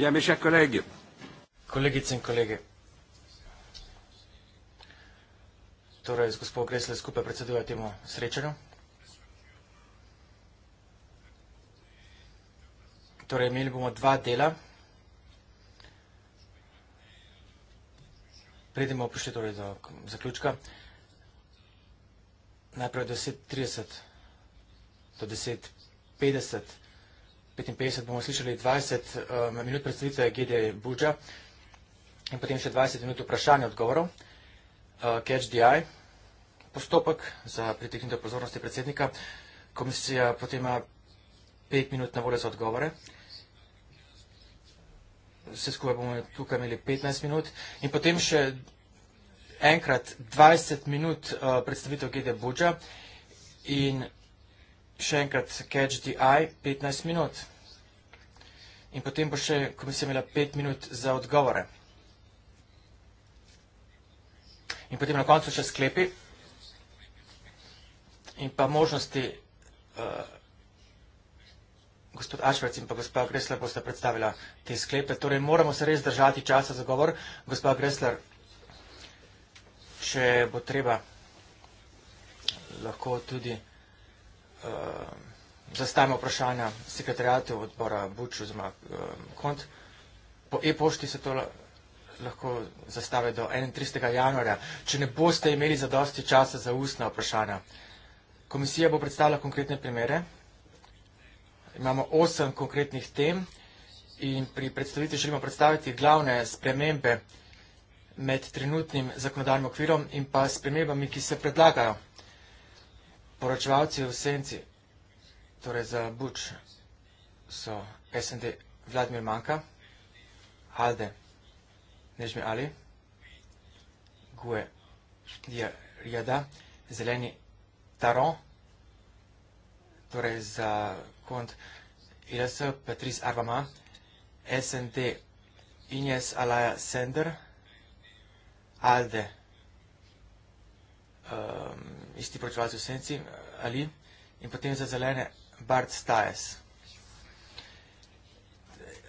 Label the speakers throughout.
Speaker 1: Bien, mes chers collègues. Kolegice in kolege. Torej, z gospod Gresle skupaj predseduje temu srečanju. Torej, imeli bomo dva dela. Predimo prišli torej do zaključka. Najprej 10.30 do 10.50 55 bomo slišali 20 um, minut predstavitve GD Buđa in potem še 20 minut vprašanja odgovorov. Uh, catch the eye, postopek za pritegnitev pozornosti predsednika. Komisija potem ima 5 minut na voljo za odgovore. Vse skupaj bomo tukaj imeli 15 minut in potem še enkrat 20 minut uh, predstavitev GD Buđa in še enkrat catch the eye, 15 minut. In potem bo še komisija imela 5 minut za odgovore. In potem na koncu še sklepi in pa možnosti uh, gospod Ašvec in pa gospod Gresler boste predstavila te sklepe. Torej moramo se res držati časa za govor. Gospod Gresler, če bo treba, lahko tudi uh, zastavimo vprašanja sekretarjatu odbora Buč oziroma uh, Kont. Po e-pošti se to lahko zastave do 31. januarja, če ne boste imeli zadosti časa za ustna vprašanja. Komisija bo predstavila konkretne primere. Imamo osem konkretnih tem in pri predstavitvi želimo predstaviti glavne spremembe med trenutnim zakonodajnim okvirom in pa spremembami, ki se predlagajo poročevalci v senci, torej za Buč, so SND Vladimir Manka, Halde, Nežmi Ali, Gue Jada, Zeleni Taron, torej za kont IRS Petris Arvama, SND Ines Alaja Sender, Alde, Alde, um, isti proizvajalci v senci ali in potem za zelene Bart Stajes.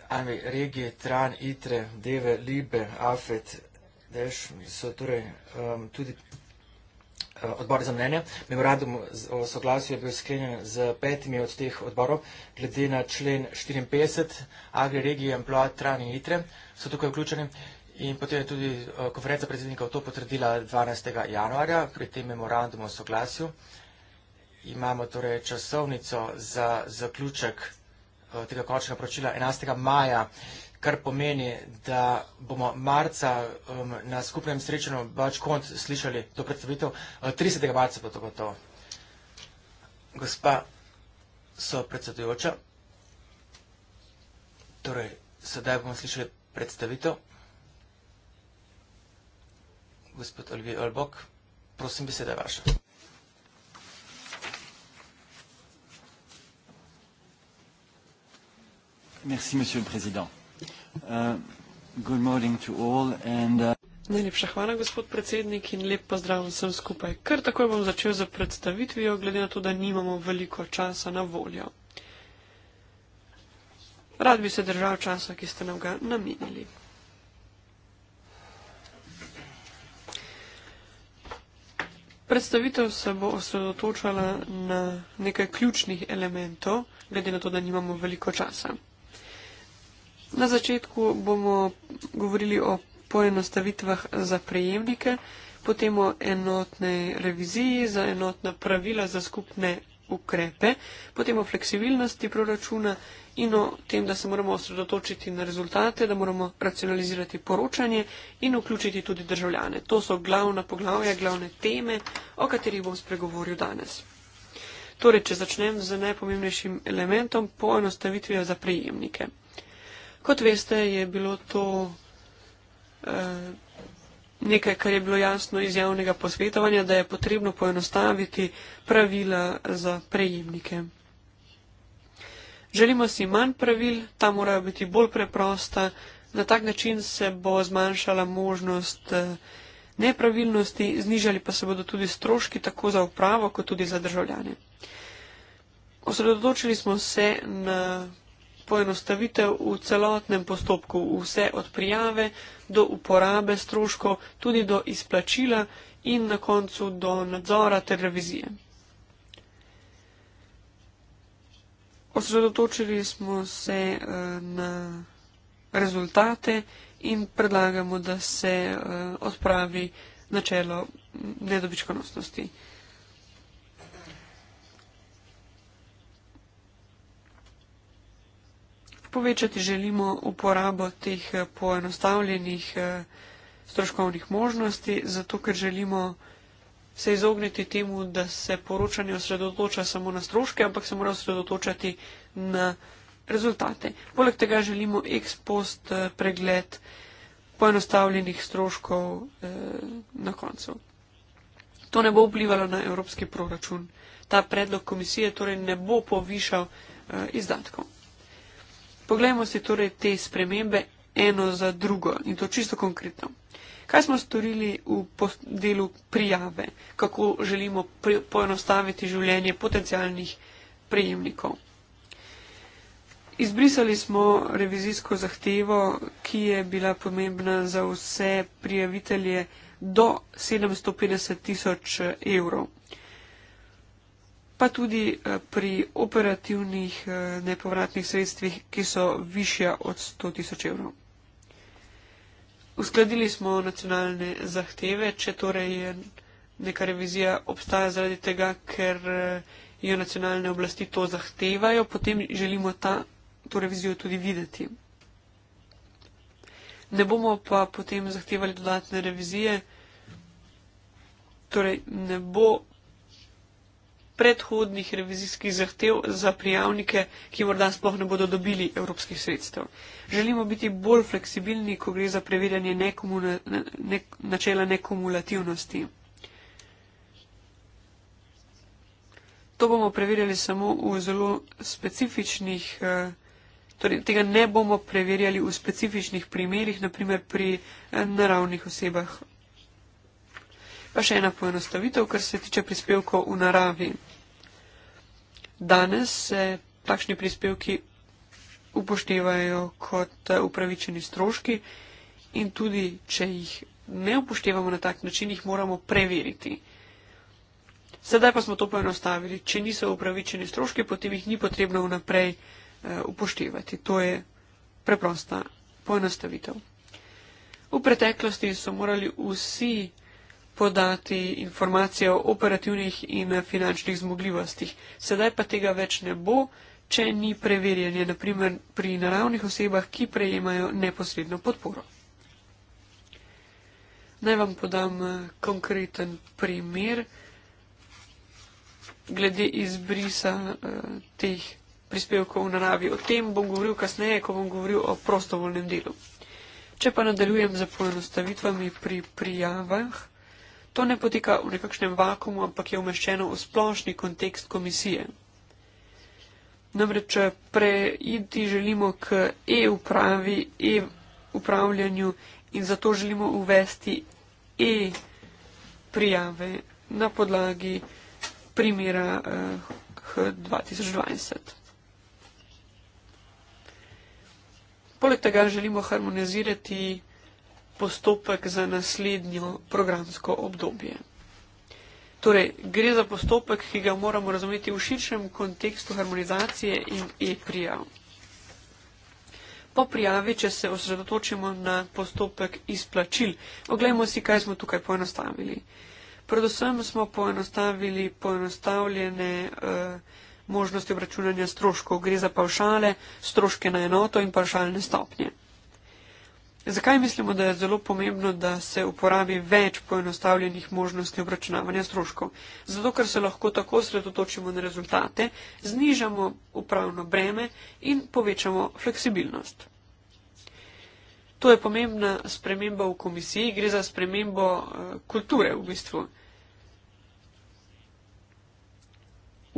Speaker 1: Anvej, regije, Tran, Itre, Deve, Libe, Afet, Deš so torej um, tudi uh, odbor za mnenje. Memorandum o soglasju je bil sklenjen z petimi od teh odborov. Glede na člen 54, agri regije, amploat, tran in itre so tukaj vključeni. In potem je tudi eh, konferenca predsednikov to potrdila 12. januarja pri tem memorandumu o soglasju. Imamo torej časovnico za zaključek eh, tega končnega pročila 11. maja, kar pomeni, da bomo marca na skupnem srečenju bač kont slišali to predstavitev. 30. Eh, marca pa to gotovo. Gospa so predsedujoča. Torej, sedaj bomo slišali predstavitev gospod Olvi Olbok, prosim, beseda je vaša.
Speaker 2: Merci, monsieur le président. Uh, good morning to all and... Uh, Najlepša hvala, gospod predsednik, in lep pozdrav vsem skupaj. Kar takoj bom začel za predstavitvijo, glede na to, da nimamo veliko časa na voljo. Rad bi se držal časa, ki ste nam ga namenili. Predstavitev se bo osredotočala na nekaj ključnih elementov, glede na to, da nimamo veliko časa. Na začetku bomo govorili o poenostavitvah za prejemnike, potem o enotnej reviziji, za enotna pravila za skupne ukrepe, potem o fleksibilnosti proračuna in o tem, da se moramo osredotočiti na rezultate, da moramo racionalizirati poročanje in vključiti tudi državljane. To so glavna poglavja, glavne teme, o katerih bom spregovoril danes. Torej, če začnem z najpomembnejšim elementom, poenostavitvijo za prejemnike. Kot veste, je bilo to. Eh, nekaj, kar je bilo jasno iz javnega posvetovanja, da je potrebno poenostaviti pravila za prejemnike. Želimo si manj pravil, ta morajo biti bolj preprosta, na tak način se bo zmanjšala možnost eh, nepravilnosti, znižali pa se bodo tudi stroški tako za upravo, kot tudi za državljane. Osredotočili smo se na poenostavitev v celotnem postopku, vse od prijave do uporabe stroškov, tudi do izplačila in na koncu do nadzora ter revizije. Osredotočili smo se eh, na rezultate in predlagamo, da se eh, odpravi načelo nedobičkonosnosti. povečati želimo uporabo teh eh, poenostavljenih eh, stroškovnih možnosti, zato ker želimo se izogniti temu, da se poročanje osredotoča samo na stroške, ampak se mora osredotočati na rezultate. Poleg tega želimo ex post eh, pregled poenostavljenih stroškov na koncu. To ne bo vplivalo na evropski proračun. Ta predlog komisije torej ne bo povišal izdatkov. Poglejmo si torej te spremembe eno za drugo in to čisto konkretno. Kaj smo storili v delu prijave, kako želimo poenostaviti življenje potencijalnih prejemnikov? Izbrisali smo revizijsko zahtevo, ki je bila pomembna za vse prijavitelje do 750 tisoč evrov pa tudi eh, pri operativnih eh, nepovratnih sredstvih, ki so višja od 100 tisoč evrov. Uskladili smo nacionalne zahteve, če torej neka revizija obstaja zaradi tega, ker eh, jo nacionalne oblasti to zahtevajo, potem želimo ta, to revizijo tudi videti. Ne bomo pa potem zahtevali dodatne revizije, torej ne bo predhodnih revizijskih zahtev za prijavnike, ki morda sploh ne bodo dobili evropskih sredstev. Želimo biti bolj fleksibilni, ko gre za preverjanje nekumula, ne, ne, načela nekumulativnosti. To bomo preverjali samo v zelo specifičnih, eh, torej tega ne bomo preverjali v specifičnih primerjih, naprimer pri eh, naravnih osebah. Pa še ena poenostavitev, kar se tiče prispevkov v naravi. Danes se takšni prispevki upoštevajo kot upravičeni stroški in tudi, če jih ne upoštevamo na tak način, jih moramo preveriti. Sedaj pa smo to poenostavili. Če niso upravičeni stroški, potem jih ni potrebno vnaprej eh, upoštevati. To je preprosta poenostavitev. V preteklosti so morali vsi podati informacije o operativnih in finančnih zmogljivostih. Sedaj pa tega več ne bo, če ni preverjanje, naprimer pri naravnih osebah, ki prejemajo neposredno podporo. Naj vam podam eh, konkreten primer glede izbrisa eh, teh prispevkov v naravi. O tem bom govoril kasneje, ko bom govoril o prostovoljnem delu. Če pa nadaljujem za poenostavitvami pri prijavah, To ne poteka v nekakšnem vakumu, ampak je umeščeno v splošni kontekst komisije. Namreč preiti želimo k e-upravi, e-upravljanju in zato želimo uvesti e-prijave na podlagi primera eh, 2020. Poleg tega želimo harmonizirati postopek za naslednjo programsko obdobje. Torej, gre za postopek, ki ga moramo razumeti v širšem kontekstu harmonizacije in e-prijav. Po prijavi, če se osredotočimo na postopek izplačil, oglejmo si, kaj smo tukaj poenostavili. Predvsem smo poenostavili poenostavljene eh, možnosti obračunanja stroškov, gre za pavšale, stroške na enoto in pavšalne stopnje. Zakaj mislimo, da je zelo pomembno, da se uporabi več poenostavljenih možnosti obračunavanja stroškov? Zato, ker se lahko tako sredotočimo na rezultate, znižamo upravno breme in povečamo fleksibilnost. To je pomembna sprememba v komisiji, gre za spremembo eh, kulture v bistvu.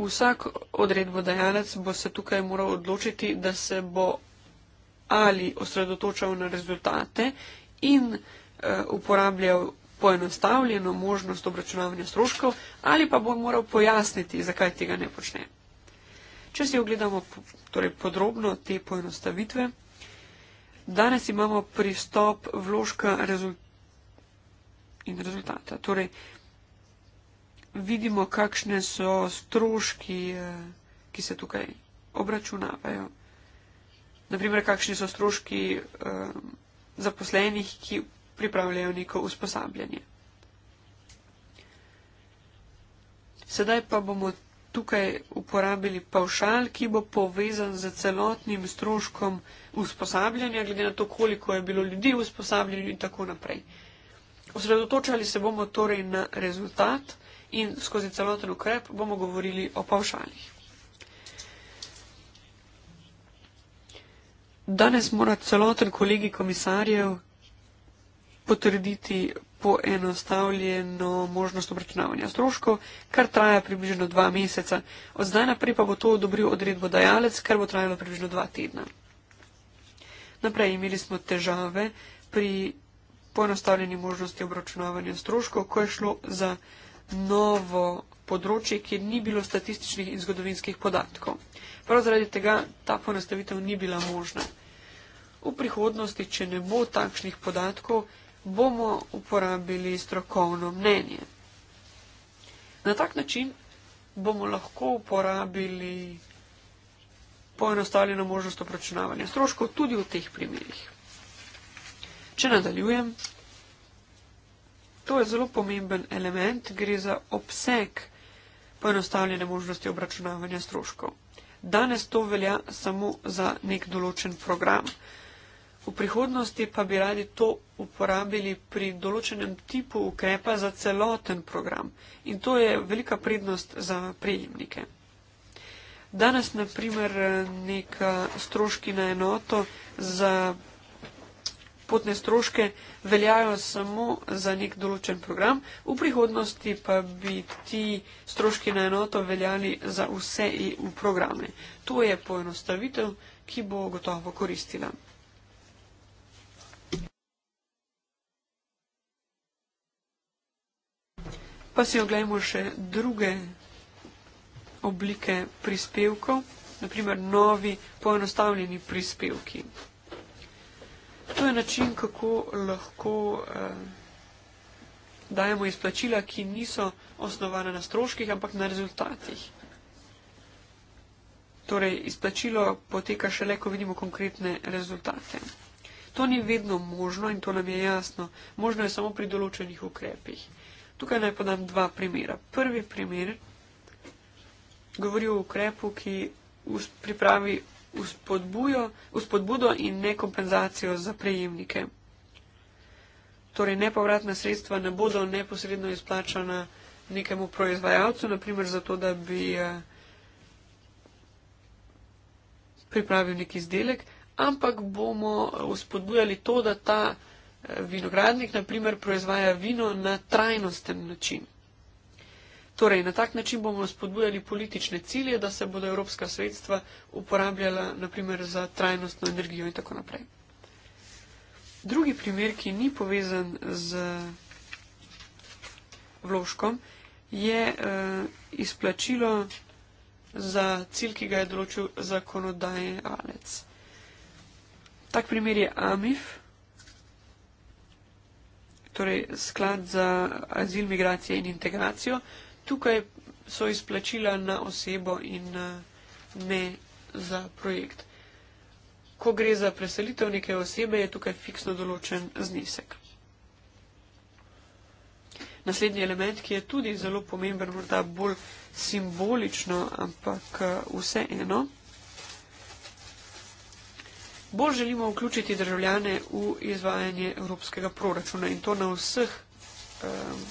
Speaker 2: Vsak odredbodajalec bo se tukaj moral odločiti, da se bo ali osredotočal na rezultate in uh, uporabljal poenostavljeno možnost obračunavanja stroškov, ali pa bo moral pojasniti, zakaj tega ne počne. Če si ogledamo torej, podrobno te poenostavitve, danes imamo pristop vložka rezult in rezultata. Torej, vidimo, kakšne so stroški, eh, ki se tukaj obračunavajo naprimer, kakšni so stroški eh, zaposlenih, ki pripravljajo neko usposabljanje. Sedaj pa bomo tukaj uporabili pavšal, ki bo povezan z celotnim stroškom usposabljanja, glede na to, koliko je bilo ljudi usposabljenih in tako naprej. Osredotočali se bomo torej na rezultat in skozi celoten ukrep bomo govorili o pavšalih. Danes mora celoten kolegi komisarjev potrditi poenostavljeno možnost obračunavanja stroškov, kar traja približno dva meseca. Od zdaj naprej pa bo to odobril odredbo dajalec, kar bo trajalo približno dva tedna. Naprej imeli smo težave pri poenostavljeni možnosti obračunavanja stroškov, ko je šlo za novo področje, kjer ni bilo statističnih in zgodovinskih podatkov. Prav zaradi tega ta ponastavitev ni bila možna. V prihodnosti, če ne bo takšnih podatkov, bomo uporabili strokovno mnenje. Na tak način bomo lahko uporabili poenostavljeno možnost opračunavanja stroškov tudi v teh primerih. Če nadaljujem, to je zelo pomemben element, gre za obseg poenostavljene možnosti obračunavanja stroškov. Danes to velja samo za nek določen program. V prihodnosti pa bi radi to uporabili pri določenem tipu ukrepa za celoten program in to je velika prednost za prejemnike. Danes, naprimer, nek stroški na enoto za potne stroške veljajo samo za nek določen program, v prihodnosti pa bi ti stroški na enoto veljali za vse EU programe. To je poenostavitev, ki bo gotovo koristila. Pa si oglejmo še druge oblike prispevkov, naprimer novi poenostavljeni prispevki. To je način, kako lahko eh, dajemo izplačila, ki niso osnovane na stroških, ampak na rezultatih. Torej, izplačilo poteka šele, ko vidimo konkretne rezultate. To ni vedno možno in to nam je jasno. Možno je samo pri določenih ukrepih. Tukaj naj podam dva primera. Prvi primer govori o ukrepu, ki pripravi uspodbudo in ne kompenzacijo za prejemnike. Torej, nepovratna sredstva ne bodo neposredno izplačana nekemu proizvajalcu, naprimer zato, da bi eh, pripravil nek izdelek, ampak bomo uspodbujali eh, to, da ta eh, vinogradnik, naprimer, proizvaja vino na trajnosten način. Torej, na tak način bomo spodbujali politične cilje, da se bodo evropska sredstva uporabljala naprimer za trajnostno energijo in tako naprej. Drugi primer, ki ni povezan z vložkom, je uh, izplačilo za cilj, ki ga je določil zakonodajalec. Tak primer je AMIF, torej sklad za azil, migracije in integracijo, tukaj so izplačila na osebo in eh, ne za projekt. Ko gre za preselitev neke osebe, je tukaj fiksno določen znesek. Naslednji element, ki je tudi zelo pomemben, morda bolj simbolično, ampak eh, vseeno. Bolj želimo vključiti državljane v izvajanje evropskega proračuna in to na vseh um,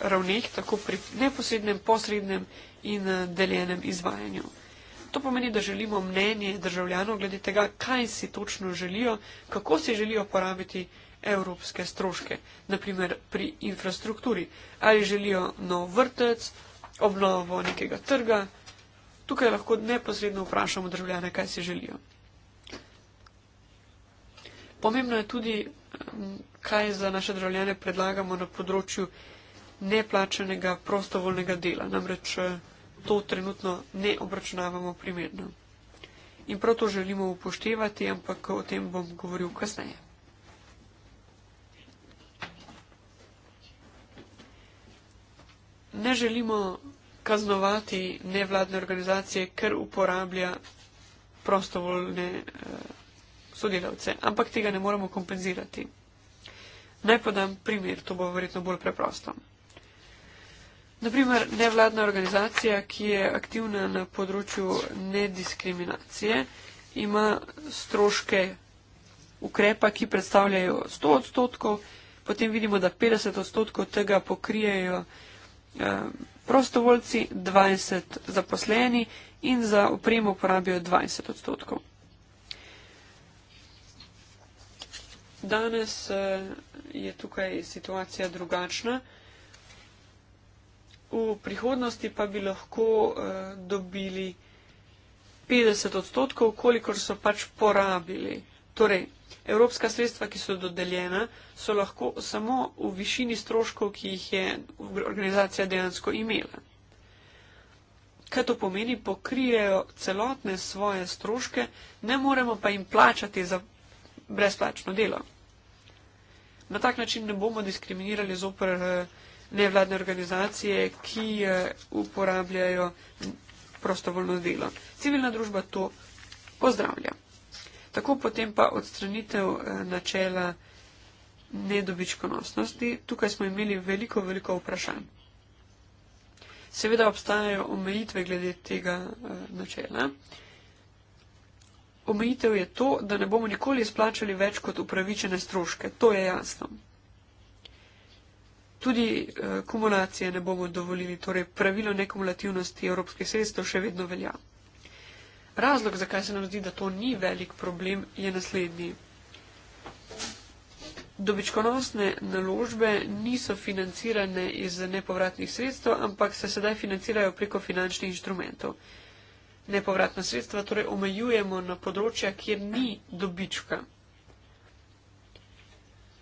Speaker 2: ravneh, tako pri neposrednem, posrednem in eh, deljenem izvajanju. To pomeni, da želimo mnenje državljanov glede tega, kaj si točno želijo, kako si želijo porabiti evropske stroške, naprimer pri infrastrukturi, ali želijo nov vrtec, obnovo nekega trga. Tukaj lahko neposredno vprašamo državljane, kaj si želijo. Pomembno je tudi, eh, kaj za naše državljane predlagamo na področju neplačenega prostovoljnega dela, namreč eh, to trenutno ne obračunavamo primerno. In prav to želimo upoštevati, ampak o tem bom govoril kasneje. Ne želimo kaznovati nevladne organizacije, ker uporablja prostovoljne eh, sodelavce, ampak tega ne moremo kompenzirati. Naj podam primer, to bo verjetno bolj preprosto. Naprimer, nevladna organizacija, ki je aktivna na področju nediskriminacije, ima stroške ukrepa, ki predstavljajo 100 odstotkov, potem vidimo, da 50 odstotkov tega pokrijejo eh, prostovoljci, 20 zaposleni in za opremo porabijo 20 odstotkov. Danes eh, je tukaj situacija drugačna v prihodnosti pa bi lahko uh, dobili 50 odstotkov, kolikor so pač porabili. Torej, evropska sredstva, ki so dodeljena, so lahko samo v višini stroškov, ki jih je organizacija dejansko imela. Kaj to pomeni, pokrijejo celotne svoje stroške, ne moremo pa jim plačati za brezplačno delo. Na tak način ne bomo diskriminirali zopr. Uh, eh, nevladne organizacije, ki eh, uporabljajo prostovoljno delo. Civilna družba to pozdravlja. Tako potem pa odstranitev eh, načela nedobičkonosnosti. Tukaj smo imeli veliko, veliko vprašanj. Seveda obstajajo omejitve glede tega eh, načela. Omejitev je to, da ne bomo nikoli izplačali več kot upravičene stroške. To je jasno. Tudi uh, kumulacije ne bomo dovolili, torej pravilo nekumulativnosti evropskih sredstev še vedno velja. Razlog, zakaj se nam zdi, da to ni velik problem, je naslednji. Dobičkonosne naložbe niso financirane iz nepovratnih sredstev, ampak se sedaj financirajo preko finančnih inštrumentov. Nepovratna sredstva torej omejujemo na področja, kjer ni dobička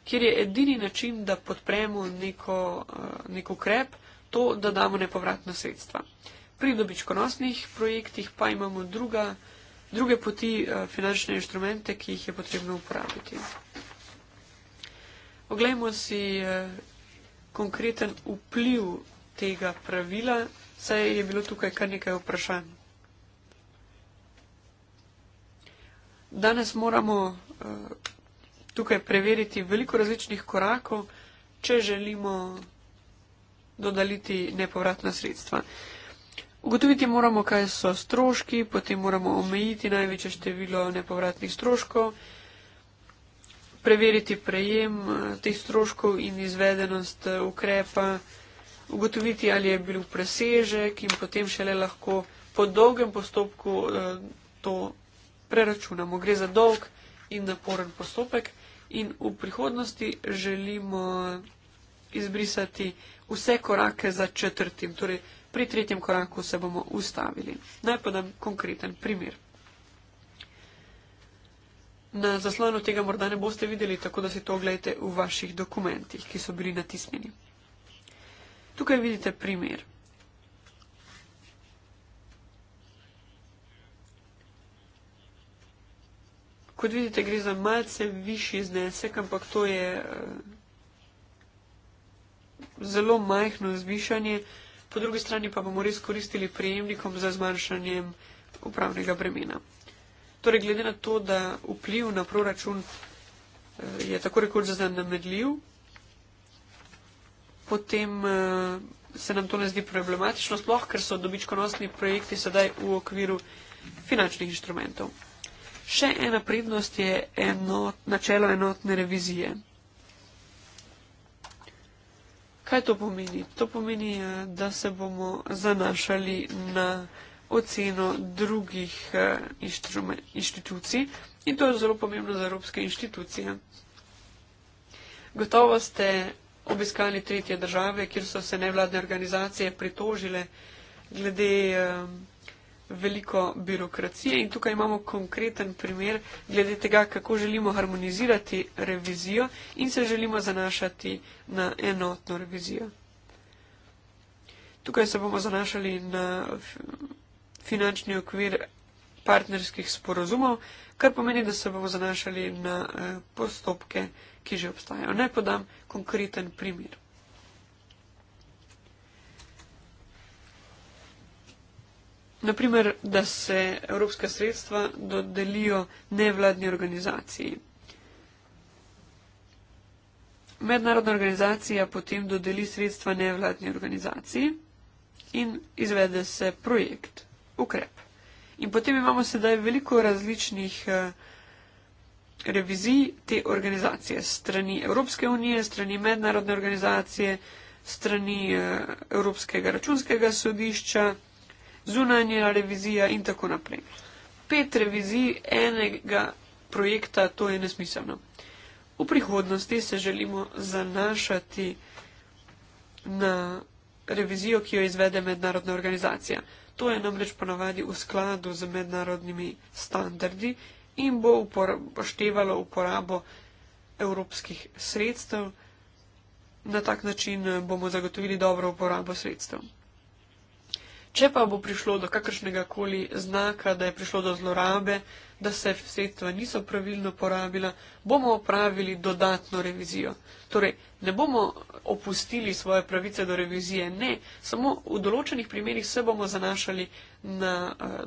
Speaker 2: kjer je edini način, da podpremo neko, eh, nek ukrep, to, da damo nepovratna sredstva. Pri dobičkonosnih projektih pa imamo druga, druge poti eh, finančne inštrumente, ki jih je potrebno uporabiti. Oglejmo si eh, konkreten vpliv tega pravila, saj je bilo tukaj kar nekaj vprašanj. Danes moramo tukaj preveriti veliko različnih korakov, če želimo dodaliti nepovratna sredstva. Ugotoviti moramo, kaj so stroški, potem moramo omejiti največje število nepovratnih stroškov, preveriti prejem eh, teh stroškov in izvedenost eh, ukrepa, ugotoviti, ali je bil presežek in potem šele lahko po dolgem postopku eh, to preračunamo. Gre za dolg in naporen postopek in v prihodnosti želimo izbrisati vse korake za četrtim. Torej, pri tretjem koraku se bomo ustavili. Naj podam konkreten primer. Na zaslonu tega morda ne boste videli, tako da si to ogledajte v vaših dokumentih, ki so bili natisnjeni. Tukaj vidite primer. Kot vidite, gre za malce višji znesek, ampak to je eh, zelo majhno zvišanje. Po drugi strani pa bomo res koristili prejemnikom za zmanjšanjem upravnega bremena. Torej, glede na to, da vpliv na proračun eh, je tako rekoč zanamedljiv, potem eh, se nam to ne zdi problematično, sploh ker so dobičkonosni projekti sedaj v okviru finančnih inštrumentov. Še ena prednost je enot, načelo enotne revizije. Kaj to pomeni? To pomeni, eh, da se bomo zanašali na oceno drugih eh, inštitucij in to je zelo pomembno za evropske inštitucije. Gotovo ste obiskali tretje države, kjer so se nevladne organizacije pritožile glede. Um, veliko birokracije in tukaj imamo konkreten primer glede tega, kako želimo harmonizirati revizijo in se želimo zanašati na enotno revizijo. Tukaj se bomo zanašali na finančni okvir partnerskih sporozumov, kar pomeni, da se bomo zanašali na eh, postopke, ki že obstajajo. Naj podam konkreten primer. Naprimer, da se evropska sredstva dodelijo nevladni organizaciji. Mednarodna organizacija potem dodeli sredstva nevladni organizaciji in izvede se projekt, ukrep. In potem imamo sedaj veliko različnih eh, revizij te organizacije, strani Evropske unije, strani mednarodne organizacije, strani eh, Evropskega računskega sodišča zunanja revizija in tako naprej. Pet revizij enega projekta, to je nesmiselno. V prihodnosti se želimo zanašati na revizijo, ki jo izvede mednarodna organizacija. To je namreč ponavadi v skladu z mednarodnimi standardi in bo upoštevalo uporabo evropskih sredstev. Na tak način bomo zagotovili dobro uporabo sredstev. Če pa bo prišlo do kakršnega koli znaka, da je prišlo do zlorabe, da se sredstva niso pravilno porabila, bomo opravili dodatno revizijo. Torej, ne bomo opustili svoje pravice do revizije, ne, samo v določenih primerjih se bomo zanašali na uh,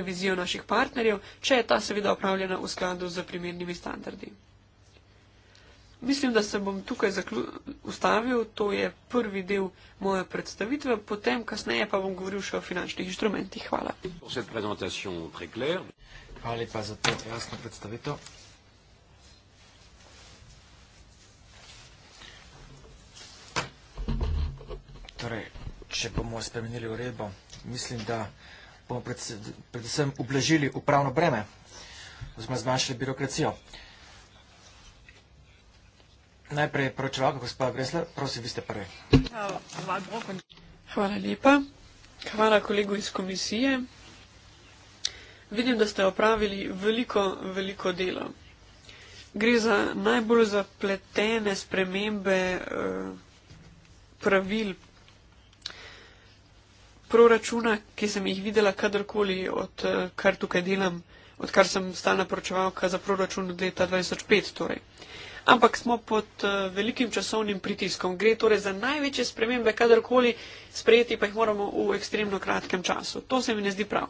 Speaker 2: revizijo naših partnerjev, če je ta seveda opravljena v skladu z primernimi standardi. Mislim, da se bom tukaj ustavil, to je prvi del moje predstavitve, potem kasneje pa bom govoril še o finančnih inštrumentih. Hvala.
Speaker 1: Hvala lepa za to jasno predstavitev. Torej, če bomo spremenili uredbo, mislim, da bomo predvsem ublažili upravno breme, oziroma zmanjšali birokracijo. Najprej poročevalka, gospa Gresler, prosim, vi ste prvi.
Speaker 2: Hvala lepa. Hvala kolegu iz komisije. Vidim, da ste opravili veliko, veliko delo. Gre za najbolj zapletene spremembe eh, pravil proračuna, ki sem jih videla kadarkoli, od eh, kar tukaj delam, odkar sem stalna poročevalka za proračun od leta 2005. Torej ampak smo pod eh, velikim časovnim pritiskom. Gre torej za največje spremembe, kadarkoli sprejeti, pa jih moramo v ekstremno kratkem času. To se mi ne zdi prav.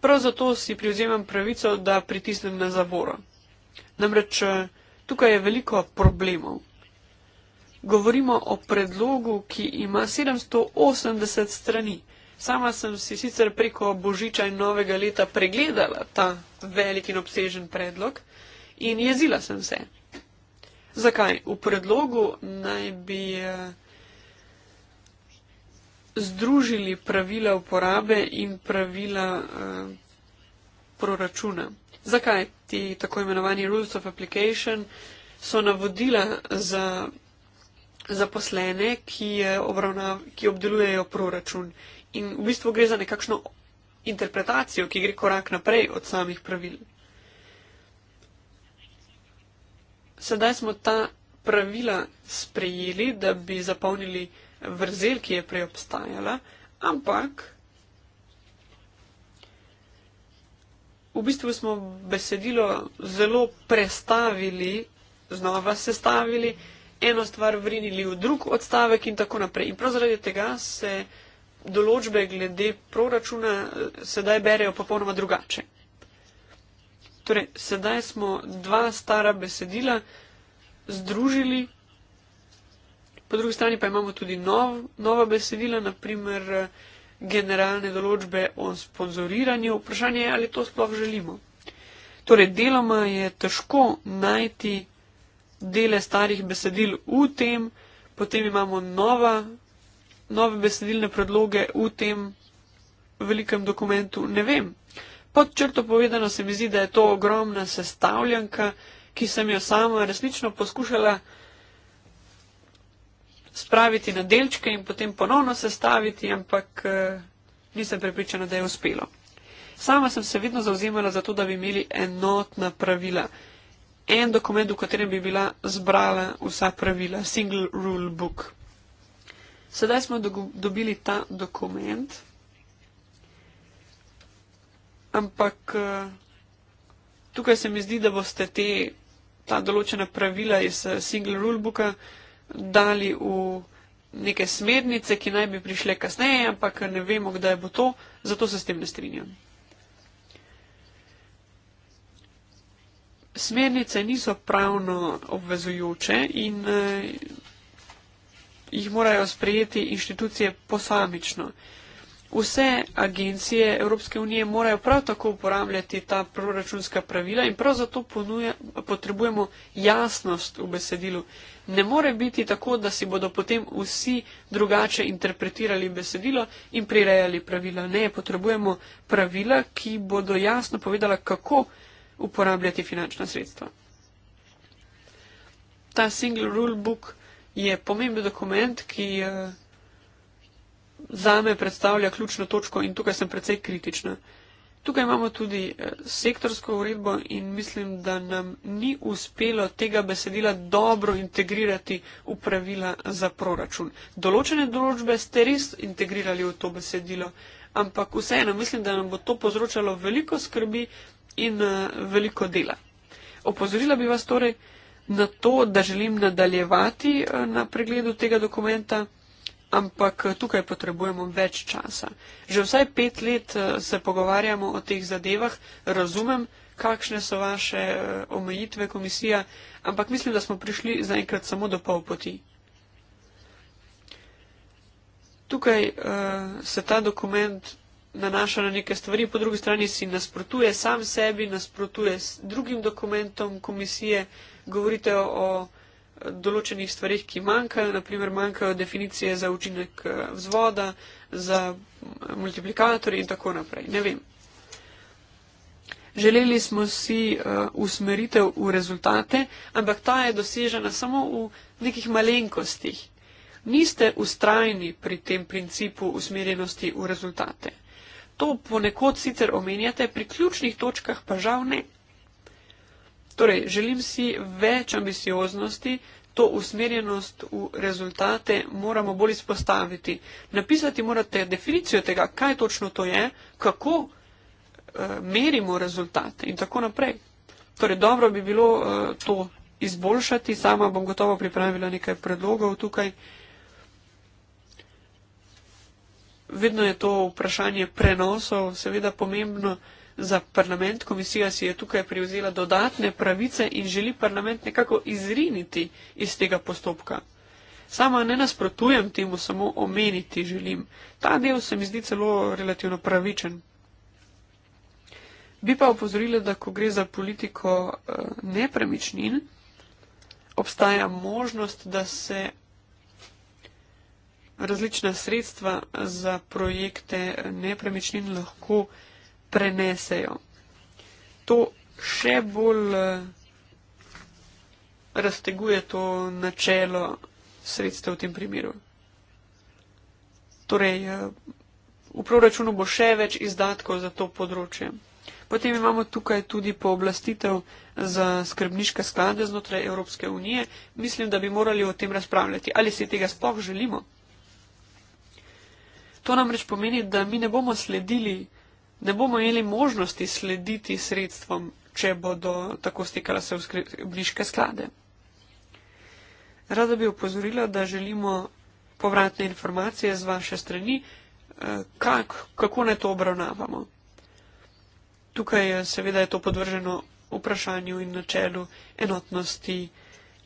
Speaker 2: Prav zato si privzemam pravico, da pritisnem na zavoro. Namreč eh, tukaj je veliko problemov. Govorimo o predlogu, ki ima 780 strani. Sama sem si sicer preko božiča in novega leta pregledala ta velik in obsežen predlog in jezila sem se. Zakaj? V predlogu naj bi eh, združili pravila uporabe in pravila eh, proračuna. Zakaj ti tako imenovani rules of application so navodila za zaposlene, ki, obravnav, ki obdelujejo proračun. In v bistvu gre za nekakšno interpretacijo, ki gre korak naprej od samih pravil. sedaj smo ta pravila sprejeli, da bi zapolnili vrzel, ki je prej obstajala, ampak v bistvu smo besedilo zelo prestavili, znova sestavili, eno stvar vrinili v drug odstavek in tako naprej. In prav zaradi tega se določbe glede proračuna eh, sedaj berejo popolnoma drugače. Torej, sedaj smo dva stara besedila združili, po drugi strani pa imamo tudi nov, nova besedila, naprimer eh, generalne določbe o sponzoriranju. Vprašanje je, ali to sploh želimo. Torej, deloma je težko najti dele starih besedil v tem, potem imamo nova, nove besedilne predloge v tem velikem dokumentu. Ne vem, Pod črto povedano se mi zdi, da je to ogromna sestavljanka, ki sem jo sama resnično poskušala spraviti na delčke in potem ponovno sestaviti, ampak eh, nisem prepričana, da je uspelo. Sama sem se vedno zauzemala za to, da bi imeli enotna pravila. En dokument, v katerem bi bila zbrala vsa pravila, single rule book. Sedaj smo dobili ta dokument. Ampak eh, tukaj se mi zdi, da boste te, ta določena pravila iz eh, single rulebooka dali v neke smernice, ki naj bi prišle kasneje, ampak ne vemo, kdaj bo to, zato se s tem ne strinjam. Smernice niso pravno obvezujoče in eh, jih morajo sprejeti inštitucije posamično. Eh, Vse agencije Evropske unije morajo prav tako uporabljati ta proračunska pravila in prav zato ponuja, potrebujemo jasnost v besedilu. Ne more biti tako, da si bodo potem vsi drugače interpretirali besedilo in prirejali pravila. Ne, potrebujemo pravila, ki bodo jasno povedala, kako uporabljati finančna sredstva. Ta single rule book je pomemben dokument, ki. Uh, zame predstavlja ključno točko in tukaj sem precej kritična. Tukaj imamo tudi eh, sektorsko uredbo in mislim, da nam ni uspelo tega besedila dobro integrirati v pravila za proračun. Določene določbe ste res integrirali v to besedilo, ampak vseeno mislim, da nam bo to povzročalo veliko skrbi in eh, veliko dela. Opozorila bi vas torej na to, da želim nadaljevati eh, na pregledu tega dokumenta ampak eh, tukaj potrebujemo več časa. Že vsaj pet let eh, se pogovarjamo o teh zadevah, razumem, kakšne so vaše eh, omejitve komisija, ampak mislim, da smo prišli zaenkrat samo do pol poti. Tukaj uh, se ta dokument nanaša na neke stvari, po drugi strani si nasprotuje sam sebi, nasprotuje drugim dokumentom komisije, govorite o, o določenih stvarih, ki manjkajo, naprimer manjkajo definicije za učinek eh, vzvoda, za multiplikatorje in tako naprej. Ne vem. Želeli smo si uh, usmeritev v rezultate, ampak ta je dosežena samo v nekih malenkostih. Niste ustrajni pri tem principu usmerjenosti v rezultate. To ponekod sicer omenjate, pri ključnih točkah pa žal ne. Torej, želim si več ambicioznosti, to usmerjenost v rezultate moramo bolj izpostaviti. Napisati morate definicijo tega, kaj točno to je, kako uh, merimo rezultate in tako naprej. Torej, dobro bi bilo uh, to izboljšati, sama bom gotovo pripravila nekaj predlogov tukaj. Vedno je to vprašanje prenosov, seveda pomembno. Uh, za parlament, komisija si je tukaj privzela dodatne pravice in želi parlament nekako izriniti iz tega postopka. Sama ne nasprotujem temu, samo omeniti želim. Ta del se mi zdi celo relativno pravičen. Bi pa opozorila, da ko gre za politiko eh, nepremičnin, obstaja možnost, da se različna sredstva za projekte nepremičnin lahko prenesejo. To še bolj eh, razteguje to načelo sredstev v tem primeru. Torej, eh, v proračunu bo še več izdatkov za to področje. Potem imamo tukaj tudi pooblastitev za skrbniške sklade znotraj Evropske unije. Mislim, da bi morali o tem razpravljati. Ali si tega sploh želimo? To namreč pomeni, da mi ne bomo sledili ne bomo imeli možnosti slediti sredstvom, če bodo tako stekala se v bliške sklade. Rada bi upozorila, da želimo povratne informacije z vaše strani, eh, kak, kako ne to obravnavamo. Tukaj seveda je to podvrženo vprašanju in načelu enotnosti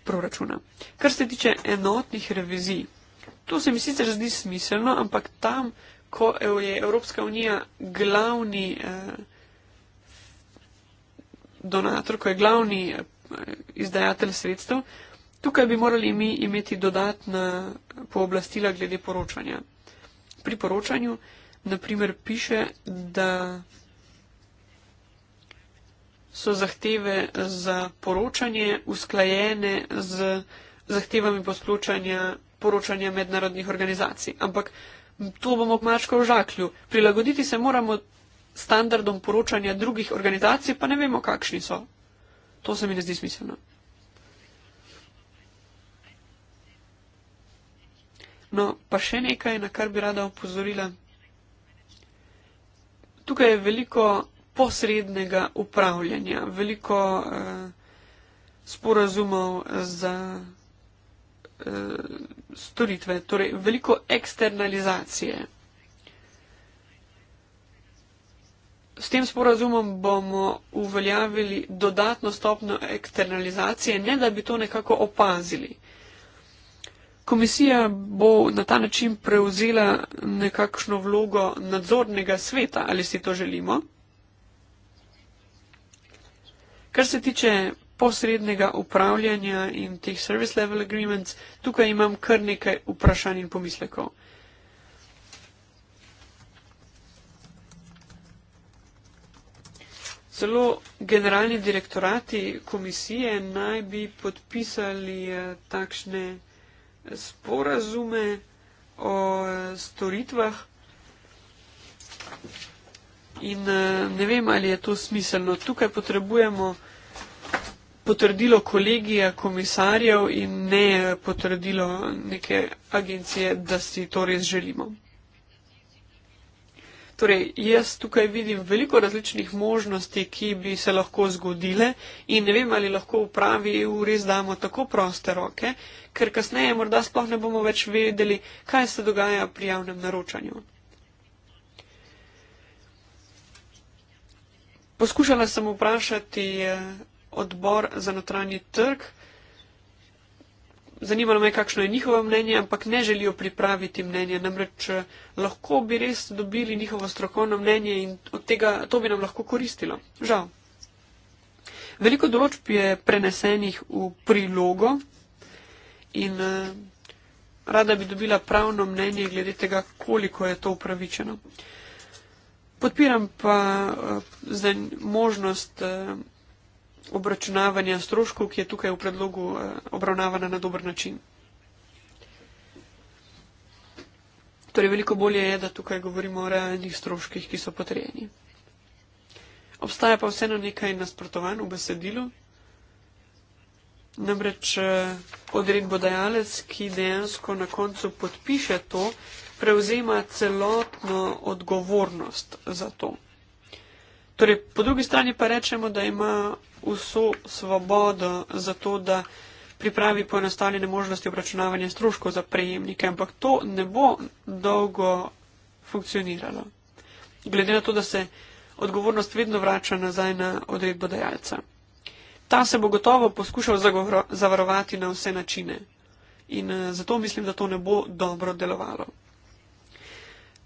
Speaker 2: proračuna. Kar se tiče enotnih revizij, to se mi sicer zdi smiselno, ampak tam ko je Evropska unija glavni eh, donator, ko je glavni eh, izdajatelj sredstev, tukaj bi morali mi imeti dodatna pooblastila glede poročanja. Pri poročanju naprimer piše, da so zahteve za poročanje usklajene z zahtevami poslučanja poročanja mednarodnih organizacij. Ampak tu bomo mačka v žaklju. Prilagoditi se moramo standardom poročanja drugih organizacij, pa ne vemo, kakšni so. To se mi ne zdi smiselno. No, pa še nekaj, na kar bi rada opozorila. Tukaj je veliko posrednega upravljanja, veliko eh, sporazumov za. Eh, uh, storitve, torej veliko eksternalizacije. S tem sporazumom bomo uveljavili dodatno stopno eksternalizacije, ne da bi to nekako opazili. Komisija bo na ta način prevzela nekakšno vlogo nadzornega sveta, ali si to želimo. Kar se tiče posrednega upravljanja in teh service level agreements, tukaj imam kar nekaj vprašanj in pomislekov. Celo generalni direktorati komisije naj bi podpisali eh, takšne sporazume o eh, storitvah in eh, ne vem, ali je to smiselno. Tukaj potrebujemo vprašanje, potrdilo kolegija komisarjev in ne potrdilo neke agencije, da si to res želimo. Torej, jaz tukaj vidim veliko različnih možnosti, ki bi se lahko zgodile in ne vem, ali lahko v pravi EU res damo tako proste roke, ker kasneje morda sploh ne bomo več vedeli, kaj se dogaja pri javnem naročanju. Poskušala sem vprašati eh, odbor za notranji trg. Zanimalo me je, kakšno je njihovo mnenje, ampak ne želijo pripraviti mnenja. Namreč eh, lahko bi res dobili njihovo strokovno mnenje in tega, to bi nam lahko koristilo. Žal. Veliko določb je prenesenih v prilogo in eh, rada bi dobila pravno mnenje glede tega, koliko je to upravičeno. Podpiram pa eh, možnost obračunavanja stroškov, ki je tukaj v predlogu eh, obravnavana na dober način. Torej, veliko bolje je, da tukaj govorimo o realnih stroških, ki so potrejeni. Obstaja pa vseeno nekaj nasprotovanj v besedilu. Namreč eh, odredbodajalec, ki dejansko na koncu podpiše to, prevzema celotno odgovornost za to. Torej, po drugi strani pa rečemo, da ima vso svobodo za to, da pripravi poenostavljene možnosti obračunavanja stroškov za prejemnike, ampak to ne bo dolgo funkcioniralo. Glede na to, da se odgovornost vedno vrača nazaj na odredbo dajalca. Ta se bo gotovo poskušal zavarovati na vse načine in eh, zato mislim, da to ne bo dobro delovalo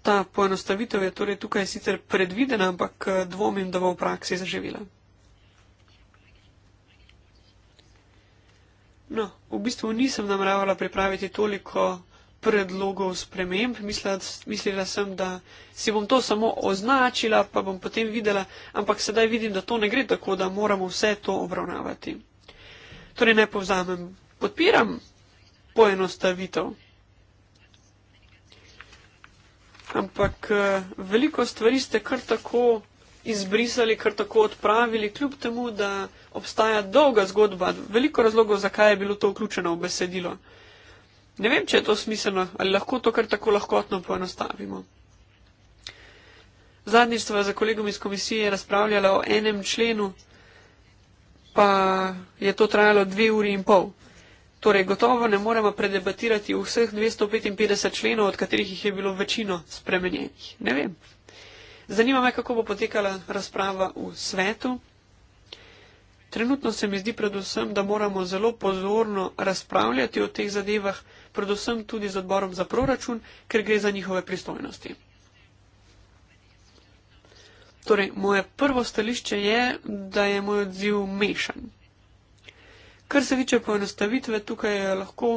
Speaker 2: ta poenostavitev je torej tukaj sicer predvidena, ampak eh, dvomim, da bo v praksi zaživela. No, v bistvu nisem nameravala pripraviti toliko predlogov sprememb, mislila, mislila sem, da si bom to samo označila, pa bom potem videla, ampak sedaj vidim, da to ne gre tako, da moramo vse to obravnavati. Torej, ne povzamem, podpiram poenostavitev ampak eh, veliko stvari ste kar tako izbrisali, kar tako odpravili, kljub temu, da obstaja dolga zgodba, veliko razlogov, zakaj je bilo to vključeno v besedilo. Ne vem, če je to smiselno ali lahko to kar tako lahkotno poenostavimo. Zadnjič sva za kolegom iz komisije razpravljala o enem členu, pa je to trajalo dve uri in pol. Torej, gotovo ne moremo predebatirati vseh 255 členov, od katerih jih je bilo večino spremenjenih. Ne vem. Zanima me, kako bo potekala razprava v svetu. Trenutno se mi zdi predvsem, da moramo zelo pozorno razpravljati o teh zadevah, predvsem tudi z odborom za proračun, ker gre za njihove pristojnosti. Torej, moje prvo stališče je, da je moj odziv mešan. Kar se tiče poenostavitve, tukaj eh, lahko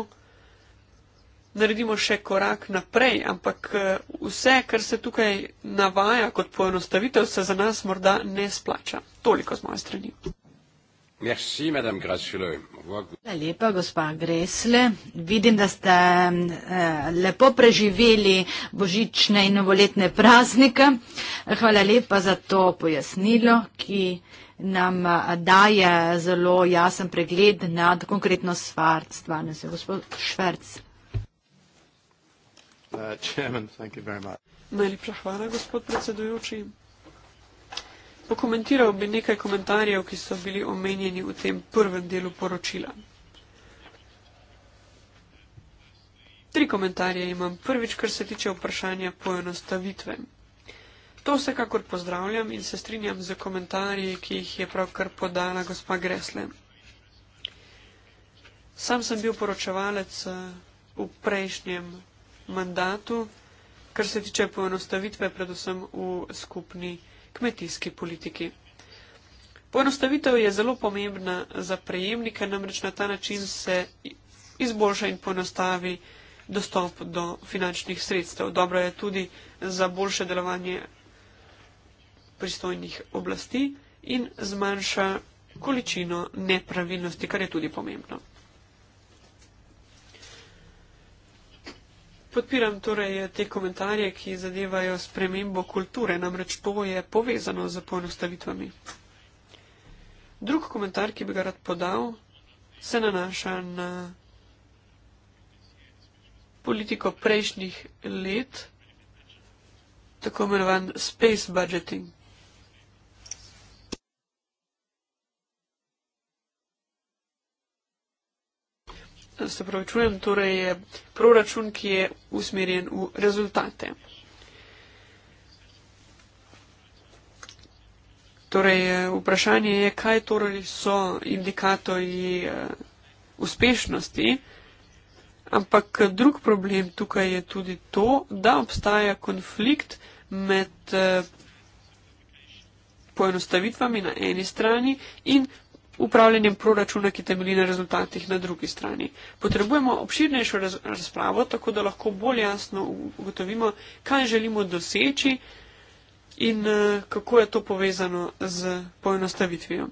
Speaker 2: naredimo še korak naprej, ampak eh, vse, kar se tukaj navaja kot poenostavitev, se za nas morda ne splača. Toliko z moje strani. Merci, Hvala
Speaker 3: lepa, gospa Gresle. Vidim, da ste eh, lepo preživeli božične in novoletne praznike. Hvala lepa za to pojasnilo, ki nam daje zelo jasen pregled nad konkretno stvar stvarnosti. Gospod Šverc. Uh, Najlepša
Speaker 2: hvala, gospod predsedujoči. Pokomentiral bi nekaj komentarjev, ki so bili omenjeni v tem prvem delu poročila. Tri komentarje imam. Prvič, kar se tiče vprašanja poenostavitve. To vsekakor pozdravljam in se strinjam z komentarji, ki jih je pravkar podala gospa Gresle. Sam sem bil poročevalec eh, v prejšnjem mandatu, kar se tiče poenostavitve, predvsem v skupni kmetijski politiki. Poenostavitev je zelo pomembna za prejemnike, namreč na ta način se izboljša in poenostavi dostop do finančnih sredstev. Dobro je tudi za boljše delovanje pristojnih oblasti in zmanjša količino nepravilnosti, kar je tudi pomembno. Podpiram torej te komentarje, ki zadevajo spremembo kulture, namreč to je povezano z poenostavitvami. Drug komentar, ki bi ga rad podal, se nanaša na politiko prejšnjih let, tako imenovan space budgeting. se pravi, čujem, torej je proračun, ki je usmerjen v rezultate. Torej, eh, vprašanje je, kaj torej so indikatorji eh, uspešnosti, ampak eh, drug problem tukaj je tudi to, da obstaja konflikt med poenostavitvami na eni strani in upravljanjem proračuna, ki temelji na rezultatih na drugi strani. Potrebujemo obširnejšo raz razpravo, tako da lahko bolj jasno ugotovimo, kaj želimo doseči in eh, kako je to povezano z poenostavitvijo.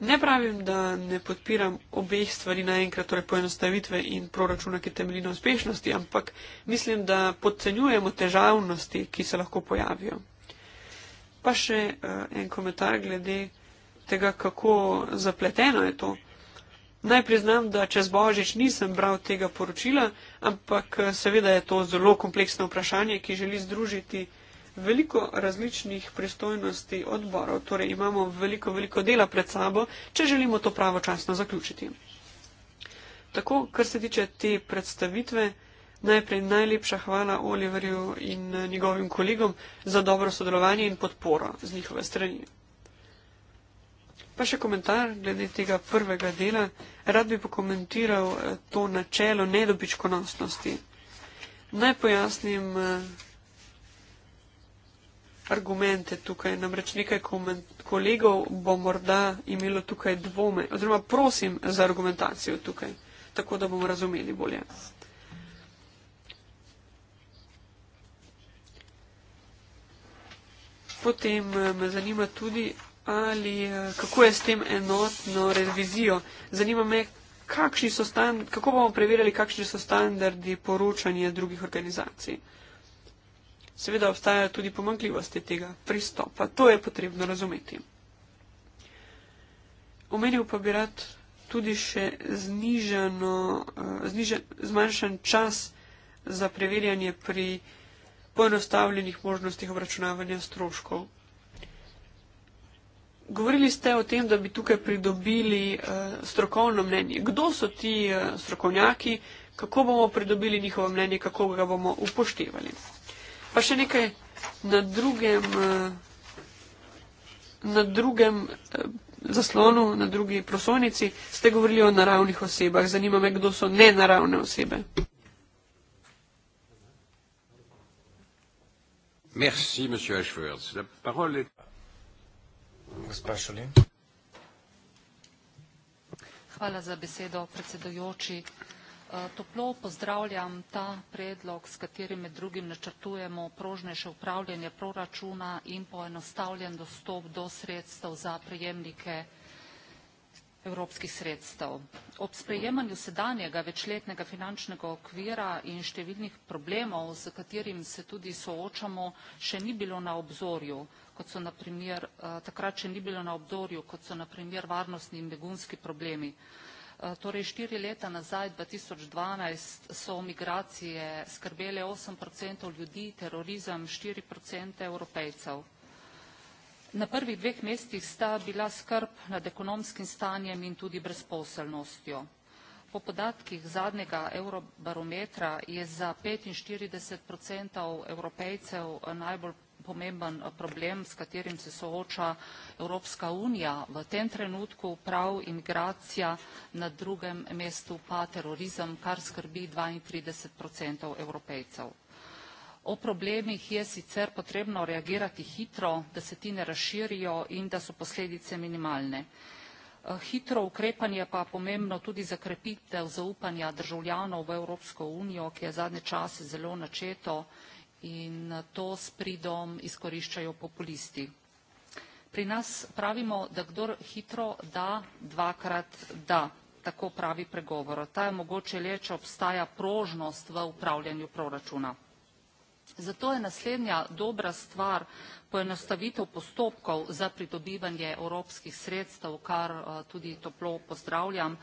Speaker 2: Ne pravim, da ne podpiram obeh stvari naenkrat, torej poenostavitve in proračuna, ki temelji na uspešnosti, ampak mislim, da podcenjujemo težavnosti, ki se lahko pojavijo. Pa še uh, en komentar glede tega, kako zapleteno je to. Naj priznam, da čez Božič nisem bral tega poročila, ampak eh, seveda je to zelo kompleksno vprašanje, ki želi združiti veliko različnih pristojnosti odborov. Torej imamo veliko, veliko dela pred sabo, če želimo to pravočasno zaključiti. Tako, kar se tiče te predstavitve, najprej najlepša hvala Oliverju in eh, njegovim kolegom za dobro sodelovanje in podporo z njihove strani. Pa še komentar glede tega prvega dela. Rad bi pokomentiral eh, to načelo nedobičkonosnosti. Naj pojasnim eh, argumente tukaj. Namreč nekaj kolegov bo morda imelo tukaj dvome. Oziroma prosim za argumentacijo tukaj, tako da bomo razumeli bolje. Potem eh, me zanima tudi, ali eh, kako je s tem enotno revizijo. Zanima me, kako bomo preverjali, kakšni so standardi poročanja drugih organizacij. Seveda obstaja tudi pomankljivosti tega pristopa, to je potrebno razumeti. Omenil pa bi rad tudi še znižano, eh, znižen, zmanjšan čas za preverjanje pri poenostavljenih možnostih obračunavanja stroškov Govorili ste o tem, da bi tukaj pridobili eh, strokovno mnenje. Kdo so ti eh, strokovnjaki, kako bomo pridobili njihovo mnenje, kako ga bomo upoštevali. Pa še nekaj na drugem, eh, na drugem zaslonu, na drugi prosovnici, ste govorili o naravnih osebah. Zanima me, kdo so nenaravne osebe.
Speaker 1: Merci, Gospa Šolin.
Speaker 4: Hvala za besedo, predsedujoči. Eh, toplo pozdravljam ta predlog, s katerim med drugim načrtujemo prožnejše upravljanje proračuna in poenostavljen dostop do sredstev za prejemnike evropskih sredstev. Ob sprejemanju sedanjega večletnega finančnega okvira in številnih problemov, s katerim se tudi soočamo, še ni bilo na obzorju, kot so na primer eh, takrat, če ni bilo na obdorju, kot so na primer varnostni in begunski problemi. Eh, torej štiri leta nazaj, 2012, so migracije skrbele 8% ljudi, terorizem 4% evropejcev. Na prvih dveh mestih sta bila skrb nad ekonomskim stanjem in tudi brezposelnostjo. Po podatkih zadnjega eurobarometra je za 45% evropejcev najbolj pomemben eh, problem, s katerim se sooča Evropska unija. V tem trenutku prav imigracija, na drugem mestu pa terorizem, kar skrbi 32% evropejcev. O problemih je sicer potrebno reagirati hitro, da se ti ne razširijo in da so posledice minimalne. Eh, hitro ukrepanje pa pomembno tudi za krepitev zaupanja državljanov v Evropsko unijo, ki je zadnje čase zelo načeto in to s pridom izkoriščajo populisti. Pri nas pravimo, da kdor hitro da, dvakrat da, tako pravi pregovor. Ta je mogoče le, če obstaja prožnost v upravljanju proračuna. Zato je naslednja dobra stvar poenostavitev postopkov za pridobivanje evropskih sredstev, kar eh, tudi toplo pozdravljam.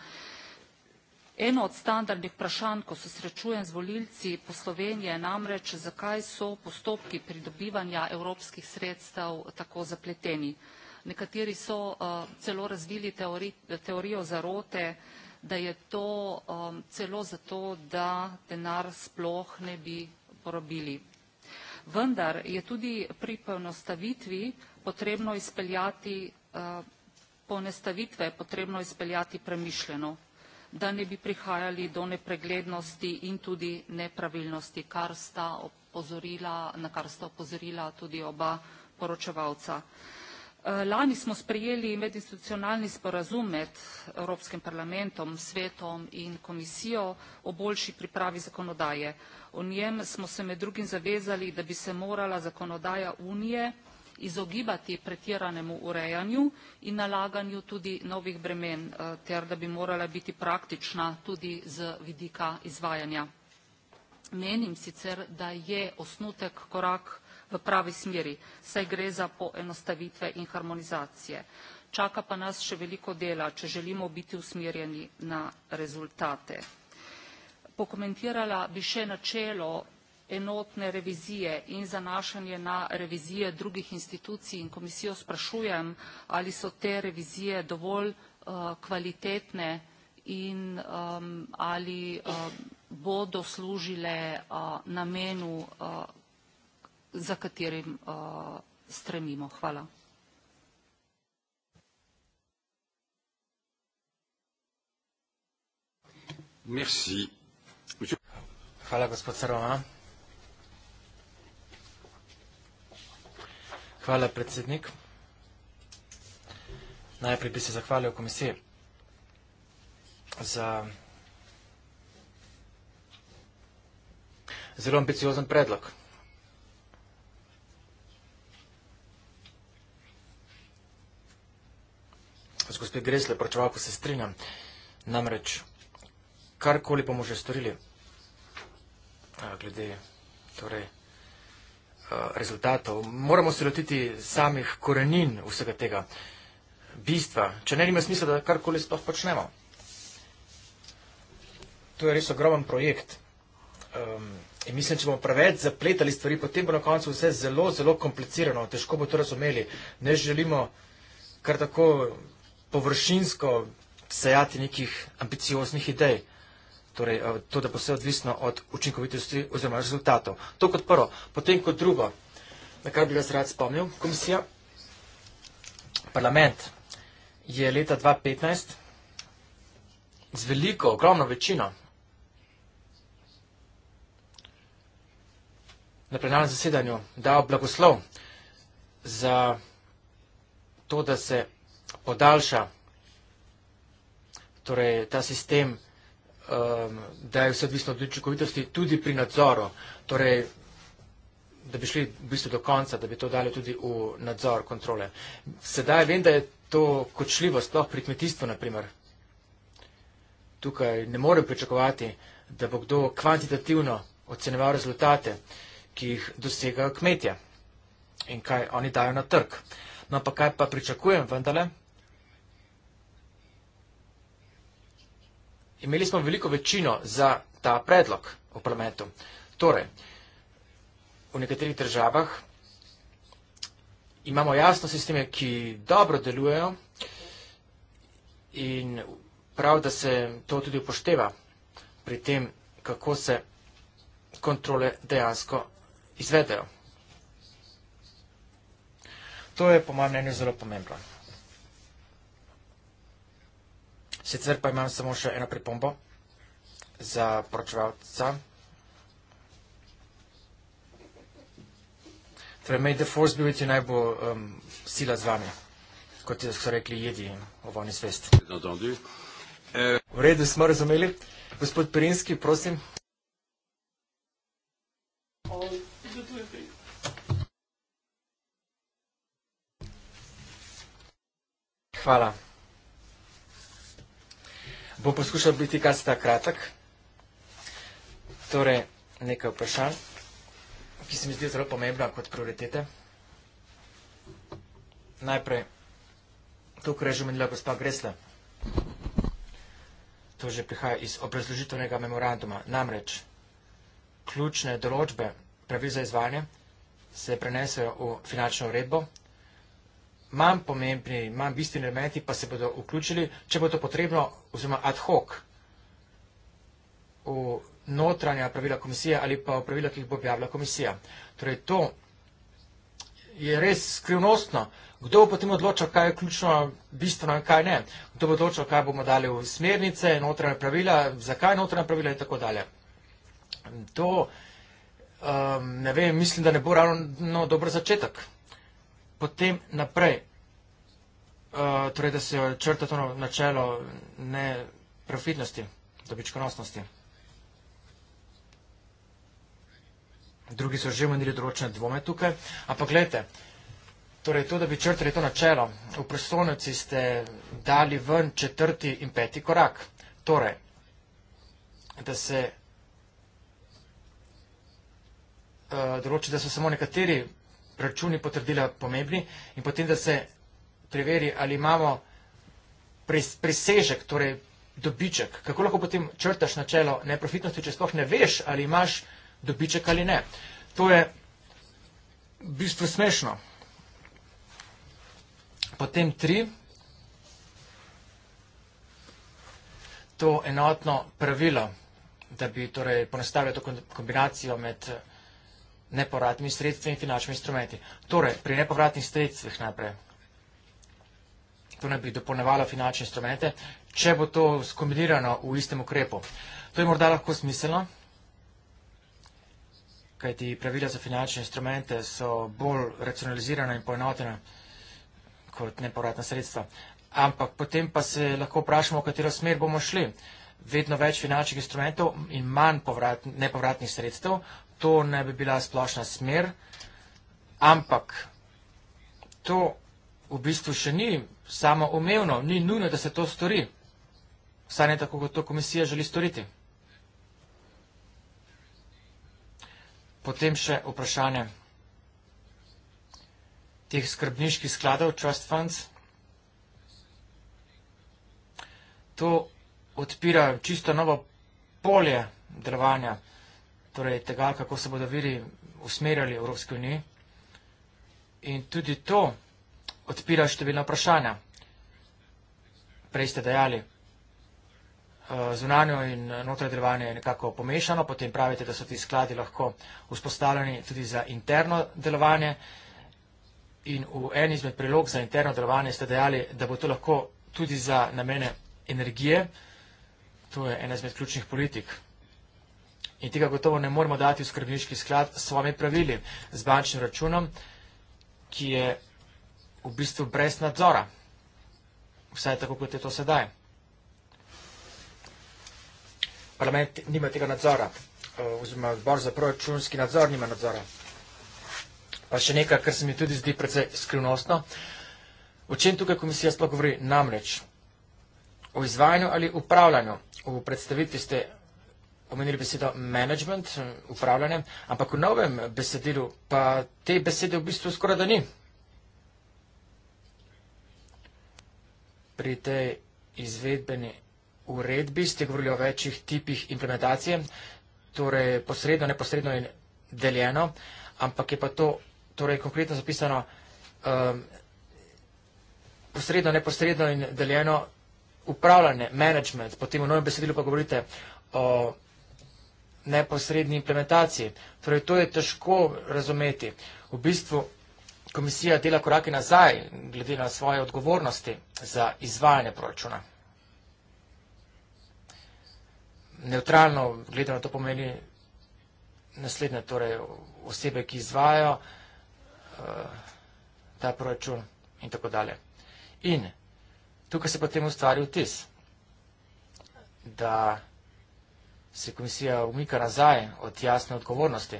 Speaker 4: Eno od standardnih vprašanj, ko se srečujem z volilci po Sloveniji, je namreč, zakaj so postopki pridobivanja evropskih sredstev tako zapleteni. Nekateri so eh, celo razvili teorijo zarote, da je to eh, celo zato, da denar sploh ne bi porabili. Vendar je tudi pri poenostavitvi potrebno izpeljati, eh, poenostavitve potrebno izpeljati premišljeno da ne bi prihajali do nepreglednosti in tudi nepravilnosti, kar sta opozorila, na kar sta opozorila tudi oba poročevalca. Eh, lani smo sprejeli medinstitucionalni sporazum med Evropskim parlamentom, svetom in komisijo o boljši pripravi zakonodaje. O njem smo se med drugim zavezali, da bi se morala zakonodaja Unije izogibati pretiranemu urejanju in nalaganju tudi novih bremen, eh, ter da bi morala biti praktična tudi z vidika izvajanja. Menim sicer, da je osnutek korak v pravi smeri, saj gre za poenostavitve in harmonizacije. Čaka pa nas še veliko dela, če želimo biti usmerjeni na rezultate. Pokomentirala bi še načelo enotne revizije in zanašanje na revizije drugih institucij in komisijo sprašujem, ali so te revizije dovolj uh, kvalitetne in um, ali uh, bodo služile uh, namenu, uh, za katerim uh, stremimo. Hvala.
Speaker 1: Merci. Hvala, gospod Sarovan. Hvala, predsednik. Najprej bi se zahvalil komisiji za zelo ambiciozen predlog. Z gospe Gresle, pročevalko se strinjam, namreč, karkoli bomo že storili, glede, torej, Eh, rezultatov, moramo se lotiti samih korenin vsega tega bistva, če ne ima smisla, da karkoli sploh počnemo. To je res ogromen projekt. Um, in mislim, če bomo preveč zapletali stvari, potem bo na koncu vse zelo, zelo komplicirano, težko bo to razumeli. Ne želimo kar tako površinsko sejati nekih ambicioznih idej torej eh, to, da bo vse odvisno od učinkovitosti oziroma rezultatov. To kot prvo. Potem kot drugo, na kar bi vas rad spomnil, komisija, parlament je leta 2015 z veliko, ogromno večino na plenarnem zasedanju dal blagoslov za to, da se podaljša torej ta sistem um, da je vse odvisno od učinkovitosti, tudi pri nadzoru. Torej, da bi šli v bistvu do konca, da bi to dali tudi v nadzor kontrole. Sedaj vem, da je to kočljivo, sploh pri kmetijstvu, naprimer. Tukaj ne morem pričakovati, da bo kdo kvantitativno ocenjeval rezultate, ki jih dosegajo kmetje in kaj oni dajo na trg. No pa kaj pa pričakujem vendarle? imeli smo veliko večino za ta predlog v parlamentu. Torej, v nekaterih državah imamo jasno sisteme, ki dobro delujejo in prav, da se to tudi upošteva pri tem, kako se kontrole dejansko izvedejo. To je po mojem mnenju zelo pomembno. Sicer pa imam samo še eno pripombo za poročevalca. Torej, may the force be with you najbolj um, sila z vami, kot so rekli jedi v vojni svest. V redu smo razumeli. Gospod Perinski, prosim. Hvala. Bom poskušal biti kar sta kratek. Torej, nekaj vprašanj, ki se mi zdi zelo pomembna kot prioritete. Najprej, to, kar je že omenila gospa Gresla, to že prihaja iz obrazložitvenega memoranduma. Namreč, ključne določbe pravil za izvajanje se prenesejo v finančno uredbo, manj pomembni, manj bistveni elementi pa se bodo vključili, če bo to potrebno, oziroma ad hoc, v notranja pravila komisije ali pa v pravila, ki jih bo objavila komisija. Torej, to je res skrivnostno. Kdo bo potem odločil, kaj je ključno, bistveno in kaj ne? Kdo bo odločil, kaj bomo dali v smernice, notranja pravila, zakaj notranja pravila in tako dalje? To, um, ne vem, mislim, da ne bo ravno no, dober začetek potem naprej, uh, torej da se črta to načelo neprofitnosti, dobičkonosnosti. Drugi so že imeli določene dvome tukaj, ampak gledajte, torej to, da bi črtali to načelo, v prestolnici ste dali ven četrti in peti korak. Torej, da se uh, določi, da so samo nekateri računi potrdila pomembni in potem, da se preveri, ali imamo pres, presežek, torej dobiček. Kako lahko potem črtaš načelo neprofitnosti, če sploh ne veš, ali imaš dobiček ali ne. To je v bistvu smešno. Potem tri. To enotno pravilo, da bi torej, ponestavljali to kombinacijo med nepovratnimi sredstvi in finančnimi instrumenti. Torej, pri nepovratnih sredstvih najprej, to naj bi dopolnevalo finančne instrumente, če bo to skombinirano v istem ukrepu. To je morda lahko smiselno, kajti pravila za finančne instrumente so bolj racionalizirane in poenotene kot nepovratna sredstva. Ampak potem pa se lahko vprašamo, v katero smer bomo šli. Vedno več finančnih instrumentov in manj nepovratnih sredstev to ne bi bila splošna smer, ampak to v bistvu še ni samo umevno, ni nujno, da se to stori. Vsaj ne tako, kot to komisija želi storiti. Potem še vprašanje teh skrbniških skladov, trust funds. To odpira čisto novo polje delovanja torej tega, kako se bodo viri usmerjali v Evropski uniji. In tudi to odpira številna vprašanja. Prej ste dejali, eh, zunanjo in eh, notranje delovanje je nekako pomešano, potem pravite, da so ti skladi lahko vzpostavljeni tudi za interno delovanje. In v en izmed prilog za interno delovanje ste dejali, da bo to lahko tudi za namene energije. To je ena izmed ključnih politik in tega gotovo ne moremo dati v skrbniški sklad s svojimi pravili, z bančnim računom, ki je v bistvu brez nadzora. Vsaj tako, kot je to sedaj. Parlament nima tega nadzora, eh, oziroma odbor za proračunski nadzor nima nadzora. Pa še nekaj, kar se mi tudi zdi precej skrivnostno. O čem tukaj komisija sploh govori? Namreč o izvajanju ali upravljanju v predstavitvi ste omenili besedo management, upravljanje, ampak v novem besedilu pa te besede v bistvu skoraj da ni. Pri tej izvedbeni uredbi ste govorili o večjih tipih implementacije, torej posredno, neposredno in deljeno, ampak je pa to torej konkretno zapisano um, posredno, neposredno in deljeno upravljanje, management, potem v novem besedilu pa govorite o neposredni implementaciji. Torej, to je težko razumeti. V bistvu komisija dela korake nazaj, glede na svoje odgovornosti za izvajanje proračuna. Neutralno, glede na to pomeni naslednje, torej osebe, ki izvajajo eh, ta proračun in tako dalje. In tukaj se potem ustvari vtis, da je se komisija umika nazaj od jasne odgovornosti.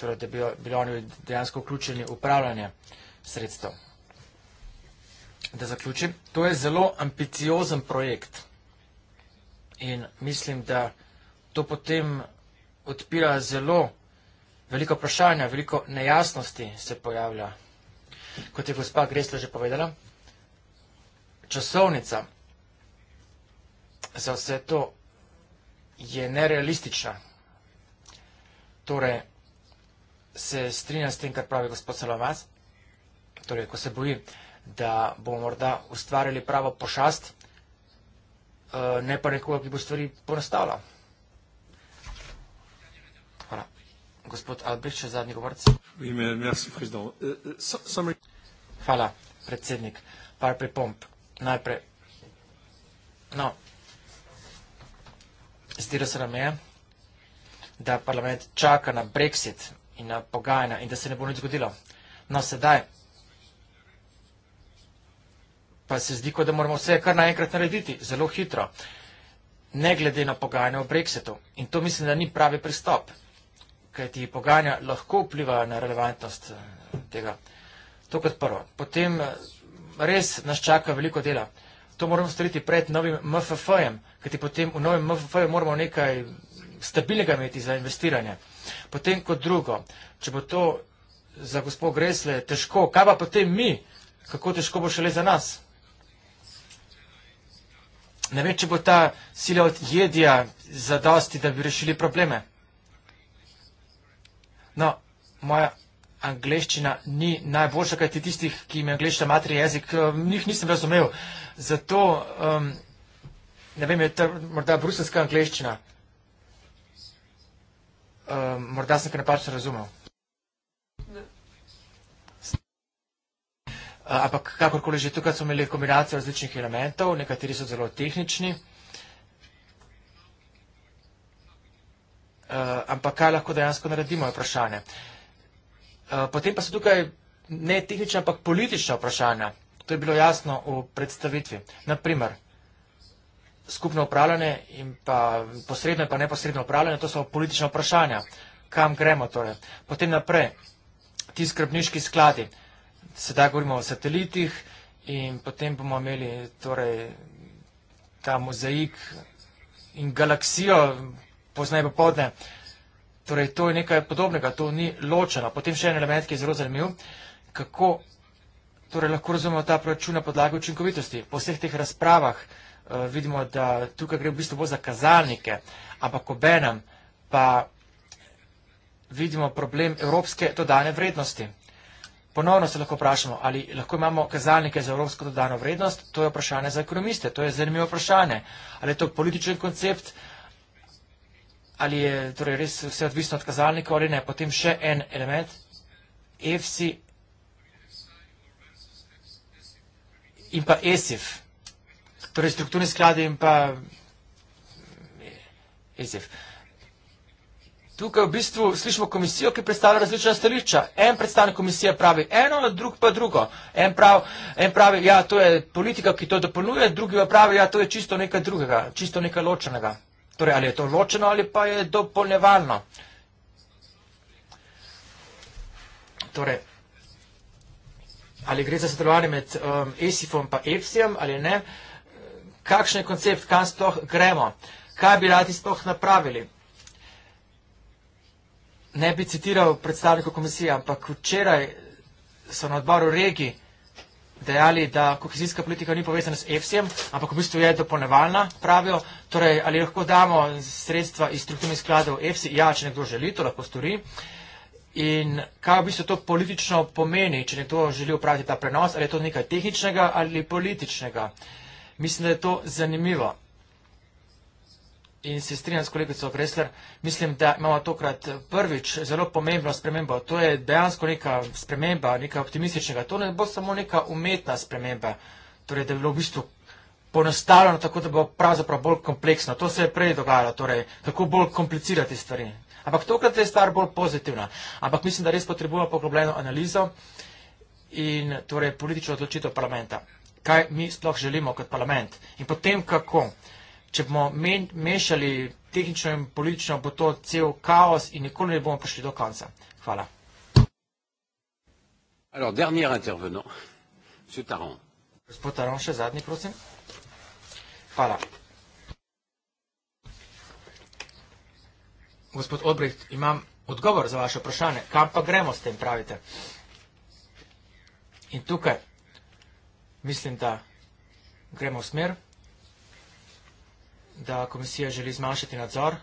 Speaker 1: Torej, da bi bili oni dejansko vključeni v upravljanje sredstev. Da zaključim, to je zelo ambiciozen projekt in mislim, da to potem odpira zelo veliko vprašanja, veliko nejasnosti se pojavlja. Kot je gospa Gresla že povedala, časovnica za vse to je nerealistična. Torej, se strinjam s tem, kar pravi gospod Salavac, torej, ko se boji, da bomo morda ustvarili pravo pošast, eh, ne pa nekoga, ki bo stvari ponastavljal. Hvala. Gospod Albrecht, še zadnji govorc.
Speaker 3: Euh,
Speaker 1: euh, Hvala, predsednik. Par pripomp. Najprej. No, zdelo se nam je, da parlament čaka na brexit in na pogajanja in da se ne bo nič zgodilo. No, sedaj pa se zdi, kot da moramo vse kar naenkrat narediti, zelo hitro, ne glede na pogajanja o brexitu. In to mislim, da ni pravi pristop, kajti pogajanja lahko vplivajo na relevantnost eh, tega. To kot prvo. Potem eh, res nas čaka veliko dela to moramo storiti pred novim MFF-jem, kajti potem v novem MFF-ju moramo nekaj stabilnega imeti za investiranje. Potem kot drugo, če bo to za gospod Gresle težko, kaj pa potem mi, kako težko bo šele za nas? Ne vem, če bo ta sila od jedja zadosti, da bi rešili probleme. No, moja angliščina ni najboljša, kaj ti tistih, ki jim je angliščina materni jezik, eh, njih nisem razumel. Zato, um, ne vem, je to morda bruselska angliščina. Um, ehm, morda sem kaj napačno razumel. Eh, ampak kakorkoli že tukaj smo imeli kombinacijo različnih elementov, nekateri so zelo tehnični. Uh, ampak kaj lahko dejansko naredimo, je vprašanje. Uh, Eh, potem pa so tukaj ne tehnična, ampak politična vprašanja. To je bilo jasno v predstavitvi. Naprimer, skupno upravljanje in pa posredno in pa neposredno upravljanje, to so politična vprašanja. Kam gremo torej? Potem naprej, ti skrbniški skladi. Sedaj govorimo o satelitih in potem bomo imeli torej ta mozaik in galaksijo, poznaj popovdne. Uh, Torej, to je nekaj podobnega, to ni ločeno. Potem še en element, ki je zelo zanimiv, kako torej, lahko razumemo ta proračun na podlagi učinkovitosti. Po vseh teh razpravah uh, vidimo, da tukaj gre v bistvu bolj za kazalnike, ampak obenem pa vidimo problem evropske dodane vrednosti. Ponovno se lahko vprašamo, ali lahko imamo kazalnike za evropsko dodano vrednost. To je vprašanje za ekonomiste, to je zanimivo vprašanje. Ali je to političen koncept? Uh, ali je torej res vse odvisno od kazalnikov ali ne. Potem še en element, EFSI in pa ESIF, torej strukturni skladi in pa ESIF. Tukaj v bistvu slišimo komisijo, ki predstavlja različna stališča. En predstavnik komisije pravi eno, drug pa drugo. En, prav, en pravi, ja, to je politika, ki to dopolnjuje, drugi pa pravi, ja, to je čisto nekaj drugega, čisto nekaj ločenega. Torej, ali je to ločeno ali pa je dopolnevalno. Torej, ali gre za sodelovanje med um, ESIF-om pa EPSI-om ali ne, kakšen je koncept, kam sploh gremo, kaj bi radi sploh napravili. Ne bi citiral predstavnikov komisije, ampak včeraj so na odboru regi dejali, da kohezijska politika ni povezana s EFSI-jem, ampak v bistvu je dopolnevalna, pravijo. Torej, ali lahko damo sredstva iz strukturnih skladov EFSI? Ja, če nekdo želi, to lahko stori. In kaj v bistvu to politično pomeni, če nekdo želi upraviti ta prenos, ali je to nekaj tehničnega ali političnega? Mislim, da je to zanimivo. In se strinjam s kolegico Gresler, mislim, da imamo tokrat eh, prvič zelo pomembno spremembo. To je dejansko neka sprememba, nekaj optimističnega. To ne bo samo neka umetna sprememba, torej da je bilo v bistvu ponostavljeno, tako da bo pravzaprav bolj kompleksno. To se je prej dogajalo, torej kako bolj komplicirati stvari. Ampak tokrat je stvar bolj pozitivna. Ampak mislim, da res potrebujemo poglobljeno analizo in torej, politično odločitev parlamenta. Kaj mi sploh želimo kot parlament in potem kako če bomo mešali tehnično in politično, bo to cel kaos in nikoli ne bomo prišli do konca. Hvala. Alors, dernier intervenant, monsieur Taron. Gospod Taron, še zadnji, prosim. Hvala. Gospod Obrecht, imam odgovor za vaše vprašanje. Kam pa gremo s tem, pravite? In tukaj mislim, da gremo v smer, da komisija želi zmanjšati nadzor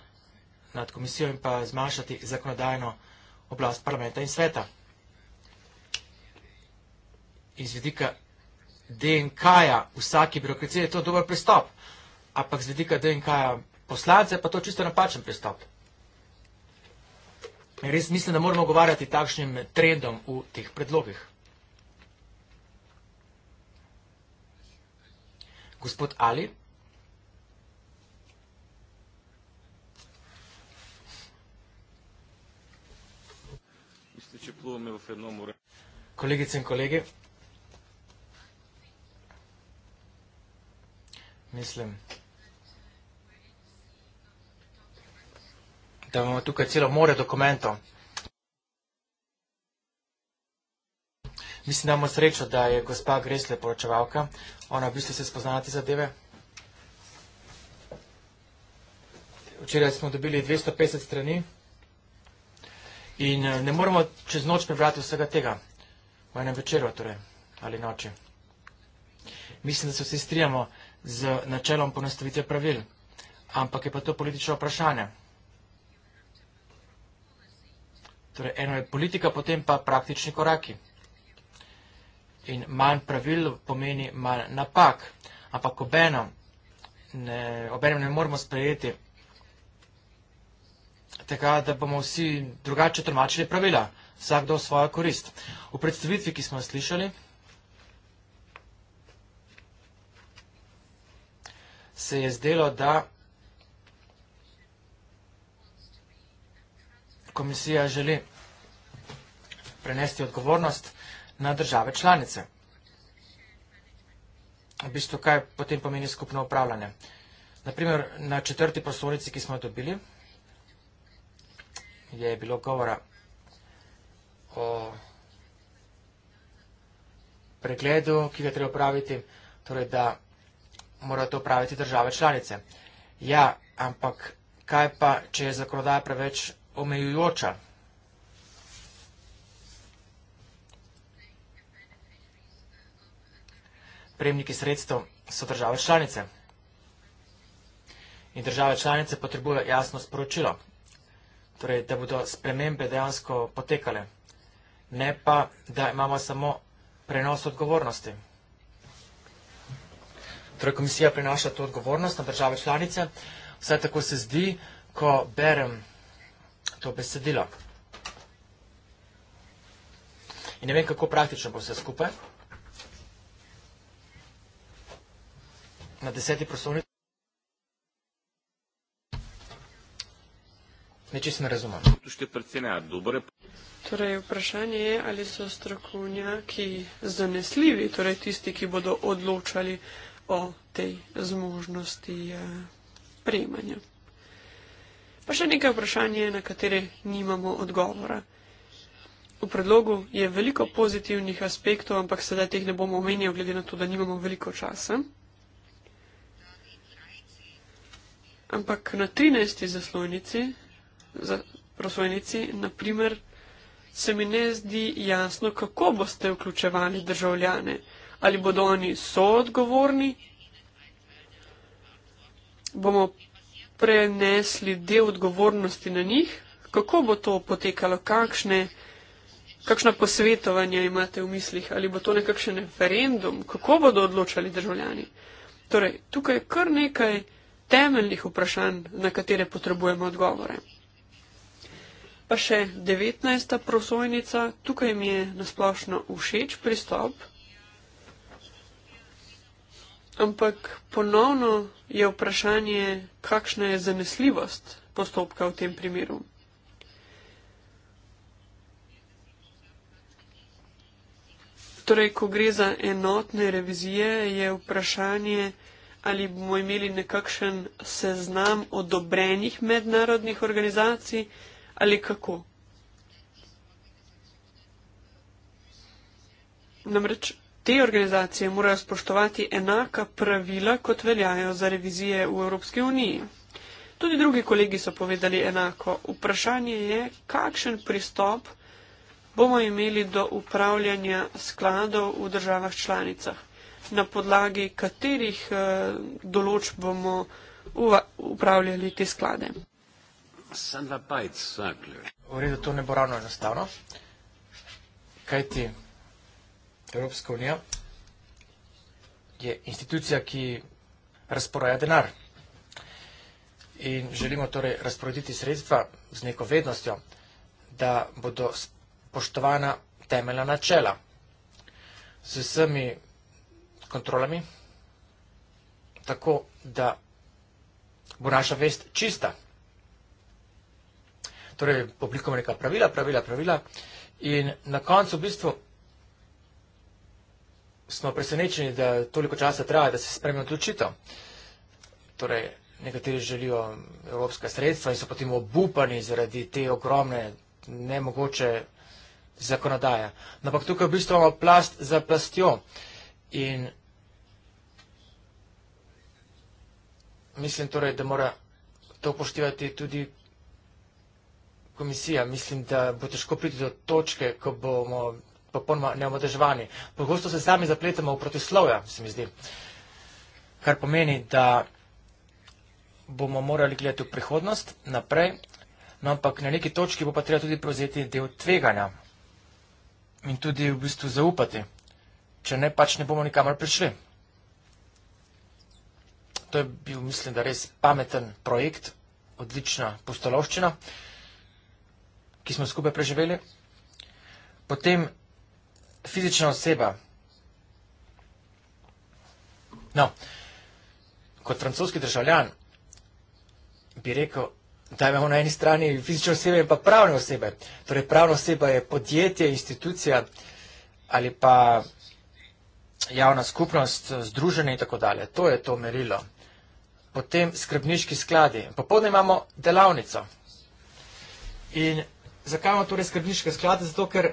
Speaker 1: nad komisijo in pa zmanjšati zakonodajno oblast parlamenta in sveta. Iz vidika DNK-ja vsaki birokracije je to dober pristop, ampak z vidika DNK-ja poslance pa to čisto napačen pristop. Res mislim, da moramo govarjati takšnim trendom v teh predlogih. Gospod Ali, bomo imeli fenomen. Kolegice in kolegi, mislim, da imamo tukaj celo more dokumentov. Mislim, da imamo srečo, da je gospa Gresle poročevalka. Ona v bistvu se spoznala te zadeve. Včeraj smo dobili 250 strani. In eh, ne moramo čez noč prebrati vsega tega, v enem večeru torej, ali noči. Mislim, da se vsi strijamo z načelom ponastavitve pravil, ampak je pa to politično vprašanje. Torej, eno je politika, potem pa praktični koraki. In manj pravil pomeni manj napak, ampak obenem ne, obenem ne moramo sprejeti tega, da bomo vsi drugače tolmačili pravila, vsakdo v svojo korist. V predstavitvi, ki smo jo slišali, se je zdelo, da komisija želi prenesti odgovornost na države članice. V bistvu, kaj potem pomeni skupno upravljanje. Naprimer, na četrti poslovnici, ki smo jo dobili, je bilo govora o pregledu, ki ga treba praviti, torej da mora to praviti države članice. Ja, ampak kaj pa, če je zakonodaja preveč omejujoča? Prejemniki sredstev so države članice. In države članice potrebujejo jasno sporočilo torej, da bodo spremembe dejansko potekale, ne pa, da imamo samo prenos odgovornosti. Torej, komisija prenaša to odgovornost na države članice, vse tako se zdi, ko berem to besedilo. In ne vem, kako praktično bo vse skupaj. Na deseti prostorni. Ne čisto razumem. Tu še predcene, a
Speaker 2: dobre. Torej, vprašanje je, ali so strokovnjaki zanesljivi, torej tisti, ki bodo odločali o tej zmožnosti eh, prejemanja. Pa še nekaj vprašanje, na katere nimamo odgovora. V predlogu je veliko pozitivnih aspektov, ampak sedaj teh ne bomo omenjali, glede na to, da nimamo veliko časa. Ampak na 13. zaslonici za prosojnici, naprimer, se mi ne zdi jasno, kako boste vključevali državljane. Ali bodo oni soodgovorni? Bomo prenesli del odgovornosti na njih? Kako bo to potekalo? Kakšne, kakšna posvetovanja imate v mislih? Ali bo to nekakšen referendum? Kako bodo odločali državljani? Torej, tukaj je kar nekaj temeljnih vprašanj, na katere potrebujemo odgovore. Pa še 19. prosojnica, tukaj mi je nasplošno všeč pristop. Ampak ponovno je vprašanje, kakšna je zanesljivost postopka v tem primeru. Torej, ko gre za enotne revizije, je vprašanje, ali bomo imeli nekakšen seznam odobrenih mednarodnih organizacij, ali kako? Namreč te organizacije morajo spoštovati enaka pravila, kot veljajo za revizije v Evropski uniji. Tudi drugi kolegi so povedali enako. Vprašanje je, kakšen pristop bomo imeli do upravljanja skladov v državah članicah, na podlagi katerih eh, določb bomo upravljali te sklade.
Speaker 1: Sandra Pajc, Sackler. V redu, to ne bo ravno enostavno. Kaj ti Evropska unija je institucija, ki razporaja denar in želimo torej razporediti sredstva z neko vednostjo, da bodo poštovana temeljna načela z vsemi kontrolami, tako da bo naša vest čista torej publikum neka pravila, pravila, pravila in na koncu v bistvu smo presenečeni, da toliko časa treba, da se spremljamo odločitev. Torej, nekateri želijo evropska sredstva in so potem obupani zaradi te ogromne, nemogoče zakonodaje. No, ampak tukaj v bistvu imamo plast za plastjo in mislim torej, da mora to upoštevati tudi komisija, mislim, da bo težko priti do točke, ko bomo popolnoma neomadežvani. Pogosto se sami zapletemo v protislovja, se mi zdi. Kar pomeni, da bomo morali gledati v prihodnost, naprej, no ampak na neki točki bo pa treba tudi prevzeti del tveganja in tudi v bistvu zaupati, če ne pač ne bomo nikamor prišli. To je bil, mislim, da res pameten projekt, odlična pustolovščina ki smo skupaj preživeli. Potem fizična oseba. No, kot francoski državljan bi rekel, da imamo na eni strani fizične osebe in pa pravne osebe. Torej, pravna oseba je podjetje, institucija ali pa javna skupnost, združenje in tako dalje. To je to merilo. Potem skrbniški skladi. Popodne imamo delavnico. In Zakaj imamo torej skrbniške sklade? Zato, ker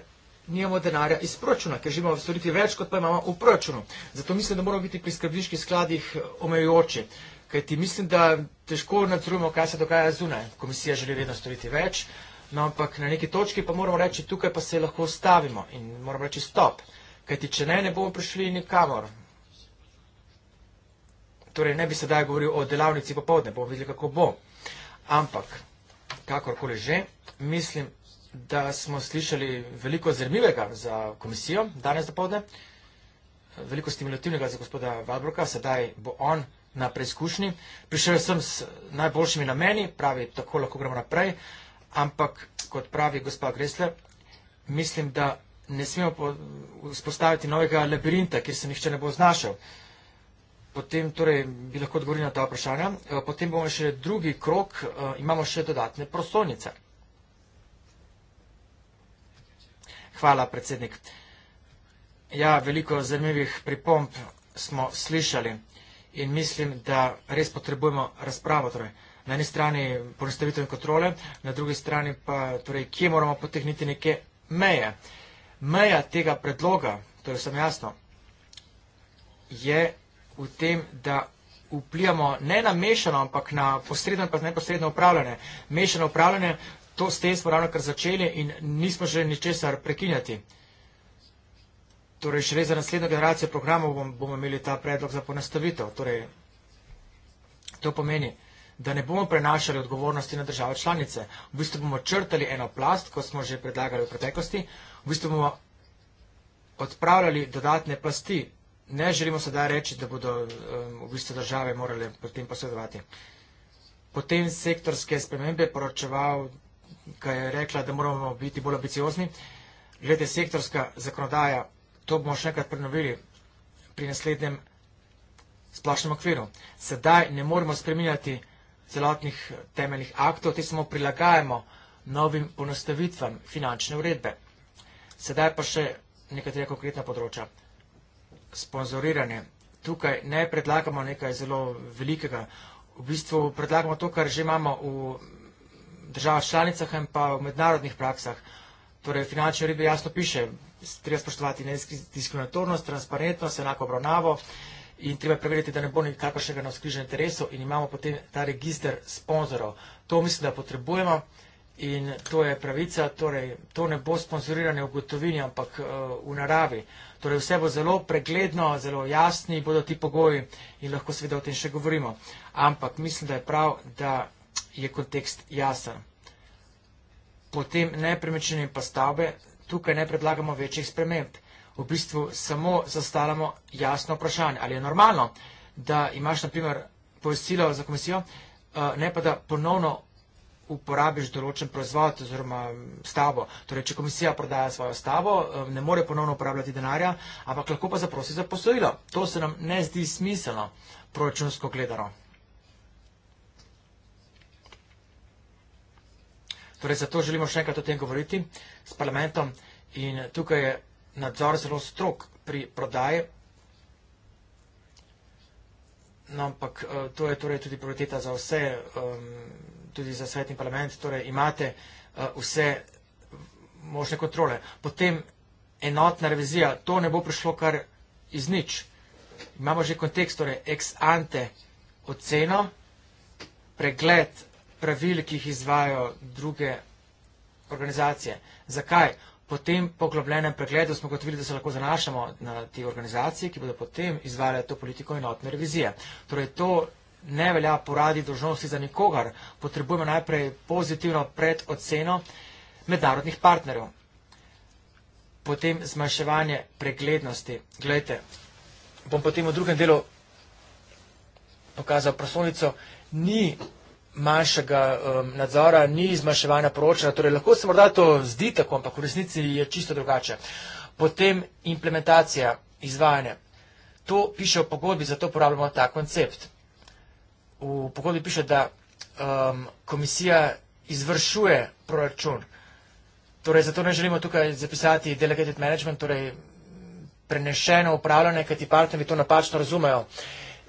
Speaker 1: nimamo denarja iz proračuna, ker živimo v storiti več, kot pa imamo v proračunu. Zato mislim, da moramo biti pri skrbniških skladih eh, omejujoči. Ker ti mislim, da težko nadzorujemo, kaj se dogaja zunaj. Komisija želi vedno storiti več, no, ampak na neki točki pa moramo reči, tukaj pa se lahko ustavimo in moramo reči stop. Ker ti če ne, ne bomo prišli nikamor. Torej, ne bi sedaj govoril o delavnici popovdne, bomo videli, kako bo. Ampak, kakorkoli že, mislim, da smo slišali veliko zanimivega za komisijo danes dopoledne, veliko stimulativnega za gospoda Valbroka, sedaj bo on na preizkušnji. Prišel sem s najboljšimi nameni, pravi, tako lahko gremo naprej, ampak kot pravi gospod Gresler, mislim, da ne smemo vzpostaviti novega labirinta, kjer se nihče ne bo znašel. Potem torej, bi lahko odgovorili na ta vprašanja. Potem bomo še drugi krok, eh, imamo še dodatne prostornice. Hvala, predsednik. Ja, veliko zanimivih pripomp smo slišali in mislim, da res potrebujemo razpravo. Torej, na eni strani ponestavitev in kontrole, na drugi strani pa, torej, kje moramo potegniti neke meje. Meja tega predloga, to torej, je vsem jasno, je v tem, da vplivamo ne na mešano, ampak na posredno in pa neposredno upravljanje. Mešano upravljanje to s tem smo ravno kar začeli in nismo želeli ničesar prekinjati. Torej, še res za naslednjo generacijo programov bomo, bomo imeli ta predlog za ponastavitev. Torej, to pomeni, da ne bomo prenašali odgovornosti na države članice. V bistvu bomo črtali eno plast, kot smo že predlagali v preteklosti. V bistvu bomo odpravljali dodatne plasti. Ne želimo sedaj reči, da bodo v bistvu države morale potem posredovati. Potem sektorske spremembe poročeval kaj je rekla, da moramo biti bolj ambiciozni. Glede sektorska zakonodaja, to bomo še enkrat prenovili pri naslednjem splošnem okviru. Sedaj ne moremo spreminjati celotnih temeljnih aktov, te samo prilagajamo novim ponostavitvam finančne uredbe. Sedaj pa še nekatera konkretna področja. Sponzoriranje. Tukaj ne predlagamo nekaj zelo velikega. V bistvu predlagamo to, kar že imamo v državah članicah in pa v mednarodnih praksah. Torej, finančne ribe jasno piše, treba spoštovati nediskriminatornost, transparentnost, enako obravnavo in treba preveriti, da ne bo nikakršnega navskrižen interesov in imamo potem ta register sponzorov. To mislim, da potrebujemo in to je pravica, torej to ne bo sponzorirane v gotovini, ampak uh, v naravi. Torej, vse bo zelo pregledno, zelo jasni bodo ti pogoji in lahko seveda o tem še govorimo. Ampak mislim, da je prav, da je kontekst jasen. Potem nepremičnine pa stavbe, tukaj ne predlagamo večjih sprememb. V bistvu samo zastavljamo jasno vprašanje, ali je normalno, da imaš na primer povestilo za komisijo, eh, ne pa da ponovno uporabiš določen proizvod oziroma stavbo. Torej, če komisija prodaja svojo stavbo, eh, ne more ponovno uporabljati denarja, ampak lahko pa zaprosi za posojilo. To se nam ne zdi smiselno, proračunsko gledano. Torej, zato želimo še enkrat o tem govoriti s parlamentom in tukaj je nadzor zelo strok pri prodaji. No, ampak eh, to je torej tudi prioriteta za vse, ehm, tudi za svetni parlament, torej imate eh, vse možne kontrole. Potem enotna revizija, to ne bo prišlo kar iz nič. Imamo že kontekst, torej ex ante oceno, pregled pravil, ki jih izvajo druge organizacije. Zakaj? Po tem poglobljenem pregledu smo gotovili, da se lahko zanašamo na te organizacije, ki bodo potem izvajale to politiko enotne revizije. Torej, to ne velja poradi dožnosti za nikogar. Potrebujemo najprej pozitivno predoceno mednarodnih partnerjev. Potem zmanjševanje preglednosti. Glejte, bom potem v drugem delu pokazal prosonico. Ni manjšega um, nadzora, ni izmanjševanja poročanja, torej lahko se morda to zdi tako, ampak v resnici je čisto drugače. Potem implementacija, izvajanje. To piše v pogodbi, zato uporabljamo ta koncept. V pogodbi piše, da um, komisija izvršuje proračun. Torej, zato ne želimo tukaj zapisati delegated management, torej prenešeno upravljanje, kaj ti partneri to napačno razumejo. Uh,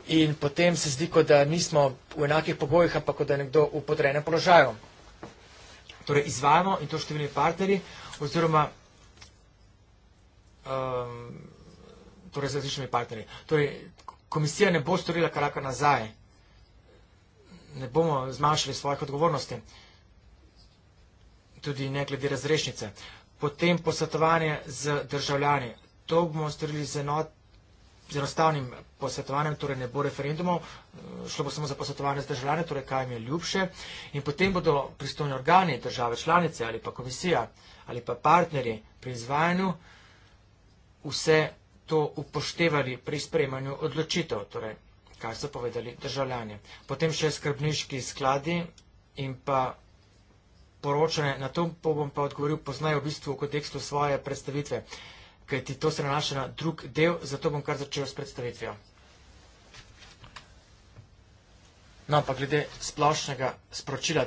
Speaker 1: in potem se zdi, kot da nismo v enakih pogojih, ampak kot da je nekdo v podrejenem položaju. Torej, izvajamo in to številni partnerji, oziroma um, torej z različnimi partnerji. Torej, komisija ne bo storila koraka nazaj, ne bomo zmanjšali svojih odgovornosti, tudi ne glede razrešnice. Potem posvetovanje z državljani. To bomo storili z enotami z enostavnim posvetovanjem, torej ne bo referendumov, e, šlo bo samo za posvetovanje z državljane, torej kaj jim je ljubše. In potem bodo pristojni organi države članice ali pa komisija ali pa partnerji pri izvajanju vse to upoštevali pri sprejemanju odločitev, torej kaj so povedali državljani. Potem še skrbniški skladi in pa poročanje, na to bom pa odgovoril poznaj v bistvu v kontekstu svoje predstavitve. Uh, kaj ti to se nanaša na drug del, zato bom kar začel s predstavitvijo. No, pa glede splošnega spročila,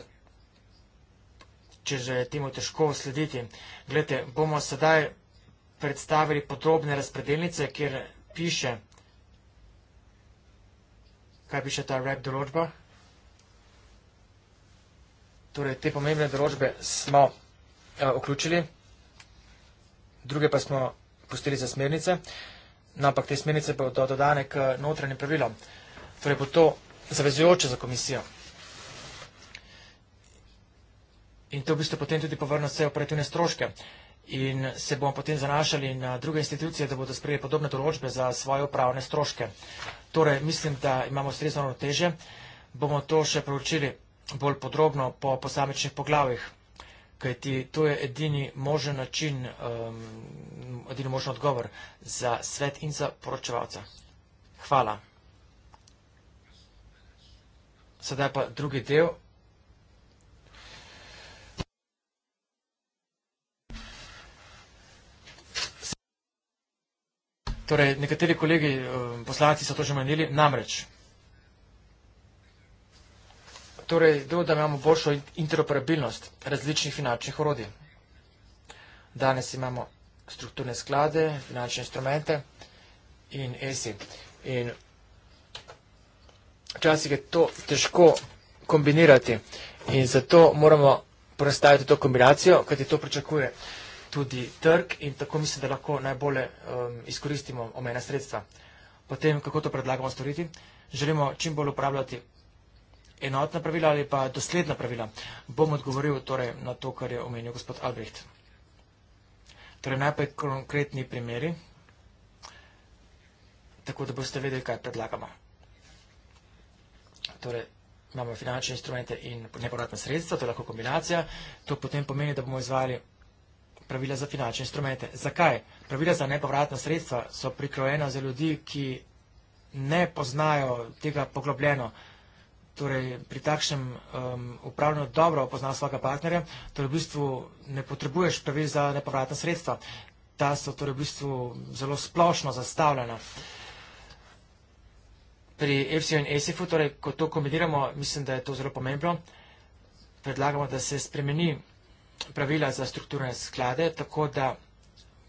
Speaker 1: če že je temu težko slediti, gledajte, bomo sedaj predstavili podrobne razpredelnice, kjer piše, kaj piše ta rap določba. Torej, te pomembne določbe smo eh, vključili, druge pa smo vključili pustili za smernice, no, ampak te smernice bodo dodane k notranjim pravilom. Torej bo to zavezujoče za komisijo. In to v bistvu potem tudi povrnilo vse operativne stroške. In se bomo potem zanašali na druge institucije, da bodo sprejeli podobne določbe za svoje upravne stroške. Torej, mislim, da imamo srezno teže. Bomo to še proučili bolj podrobno po posamečnih poglavjih kajti to je edini možen način, um, edini možen odgovor za svet in za poročevalca. Hvala. Sedaj pa drugi del. Torej, nekateri kolegi um, poslanci so to že menili, namreč torej to, da imamo boljšo interoperabilnost različnih finančnih orodij. Danes imamo strukturne sklade, finančne instrumente in ESI. In včasih je to težko kombinirati in zato moramo predstaviti to kombinacijo, kajti to pričakuje tudi trg in tako mislim, da lahko najbolje um, izkoristimo omena sredstva. Potem, kako to predlagamo storiti? Želimo čim bolj upravljati enotna pravila ali pa dosledna pravila. Bom odgovoril torej na to, kar je omenil gospod Albrecht. Torej najprej konkretni primeri, tako da boste vedeli, kaj predlagamo. Torej, imamo finančne instrumente in nepovratna sredstva, to je lahko kombinacija. To potem pomeni, da bomo izvajali pravila za finančne instrumente. Zakaj? Pravila za nepovratna sredstva so prikrojena za ljudi, ki ne poznajo tega poglobljeno torej pri takšnem um, upravljanju dobro poznal svojega partnerja, torej v bistvu ne potrebuješ pravil za nepovratna sredstva. Ta so torej v bistvu zelo splošno zastavljena. Pri EFSI-ju in ESIF-u, torej, ko to kombiniramo, mislim, da je to zelo pomembno. Predlagamo, da se spremeni pravila za strukturne sklade, tako da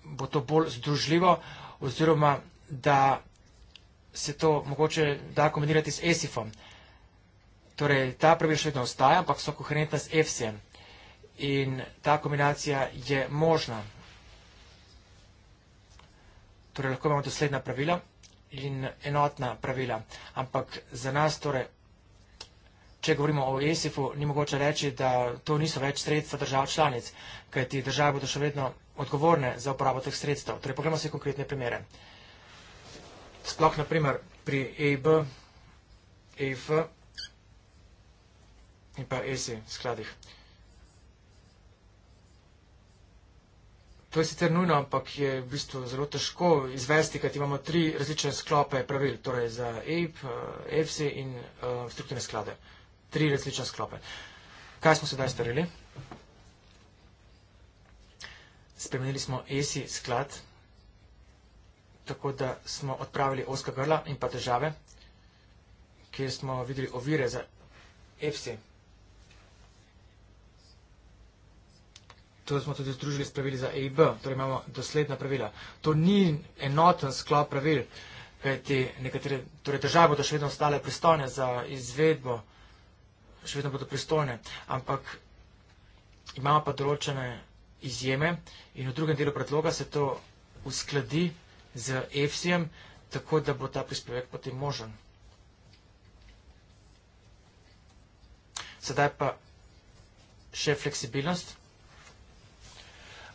Speaker 1: bo to bolj združljivo oziroma da se to mogoče da kombinirati s ESIF-om. Torej, ta pravi še vedno ostaja, ampak so koherentna s EFSE. In ta kombinacija je možna. Torej, lahko imamo dosledna pravila in enotna pravila. Ampak za nas, torej, če govorimo o ESIF-u, ni mogoče reči, da to niso več sredstva držav članic, kajti države bodo še vedno odgovorne za uporabo teh sredstev. Torej, pogledamo se konkretne primere. Sploh, na primer, pri EIB, EIF, in pa ese skladih. To je sicer nujno, ampak je v bistvu zelo težko izvesti, kajti imamo tri različne sklope pravil, torej za APE, EFSI eh, in uh, strukturne sklade. Tri različne sklope. Kaj smo sedaj storili? Spremenili smo ESI sklad, tako da smo odpravili oska grla in pa težave, kjer smo videli ovire za EFSI. to smo tudi združili s pravili za EIB, torej imamo dosledna pravila. To ni enoten sklop pravil, kajti nekatere, torej države bodo še vedno ostale pristojne za izvedbo, še vedno bodo pristojne, ampak imamo pa določene izjeme in v drugem delu predloga se to uskladi z EFSI-jem, tako da bo ta prispevek potem možen. Sedaj pa še fleksibilnost.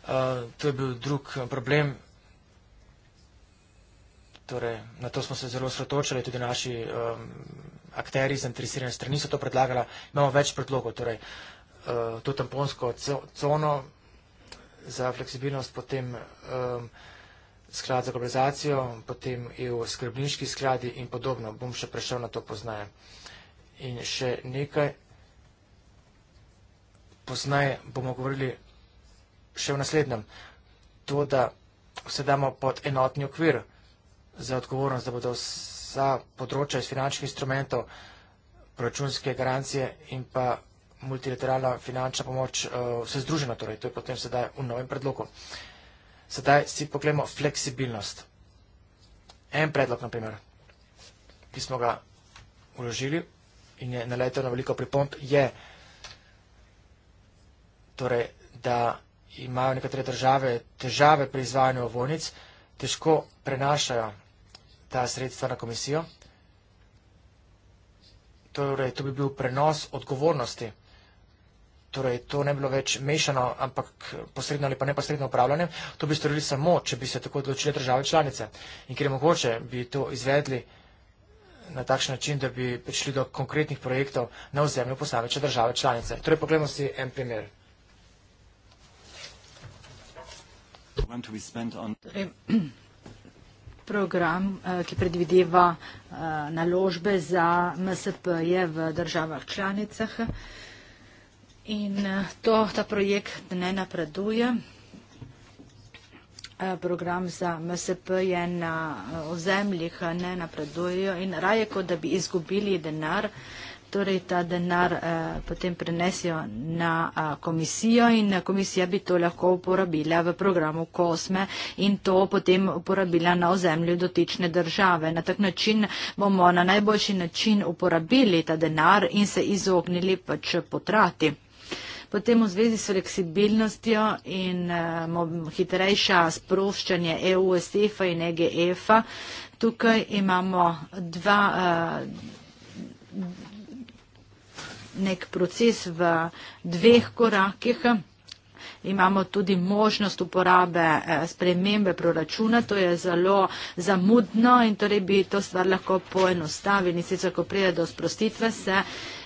Speaker 1: Eh, to je bil drug eh, problem. Torej, na to smo se zelo sretočili, tudi naši um, eh, akteri zainteresirane strani so to predlagala. Imamo več predlogov, torej uh, to tamponsko cono za fleksibilnost, potem um, sklad za globalizacijo, potem EU skrbniški skladi in podobno. Bom še prešel na to poznaje. In še nekaj. Poznaje bomo govorili še v naslednjem. To, da vse damo pod enotni okvir za odgovornost, da bodo vsa področja iz finančnih instrumentov, proračunske garancije in pa multilateralna finančna pomoč eh, vse združena, torej to je potem sedaj v novem predlogu. Sedaj si poglejmo fleksibilnost. En predlog, na primer, ki smo ga uložili in je naletel na veliko pripomp, je torej, da imajo nekatere države težave pri izvajanju ovojnic, težko prenašajo ta sredstva na komisijo. Torej, to bi bil prenos odgovornosti. Torej, to ne bi bilo več mešano, ampak posredno ali pa neposredno upravljanje. To bi storili samo, če bi se tako odločile države članice. In ker je mogoče, bi to izvedli na takšen način, da bi prišli do konkretnih projektov na ozemlju posameče države članice. Torej, poglejmo si en primer.
Speaker 3: Torej, program, eh, ki predvideva eh, naložbe za MSP-je v državah članicah in eh, to, ta projekt ne napreduje. Program za MSP-je na ozemljih ne napredujejo in raje, kot da bi izgubili denar, torej ta denar uh, potem prenesijo na uh, komisijo in komisija bi to lahko uporabila v programu Kosme in to potem uporabila na ozemlju dotične države. Na tak način bomo na najboljši način uporabili ta denar in se izognili pač potrati. Potem v zvezi s fleksibilnostjo in uh, hitrejša sproščanje EU-SF-a in EGF-a, tukaj imamo dva. Uh, nek proces v dveh korakih. Imamo tudi možnost uporabe eh, spremembe proračuna, to je zelo zamudno in torej bi to stvar lahko poenostavili. Sicer, ko pride do sprostitve, se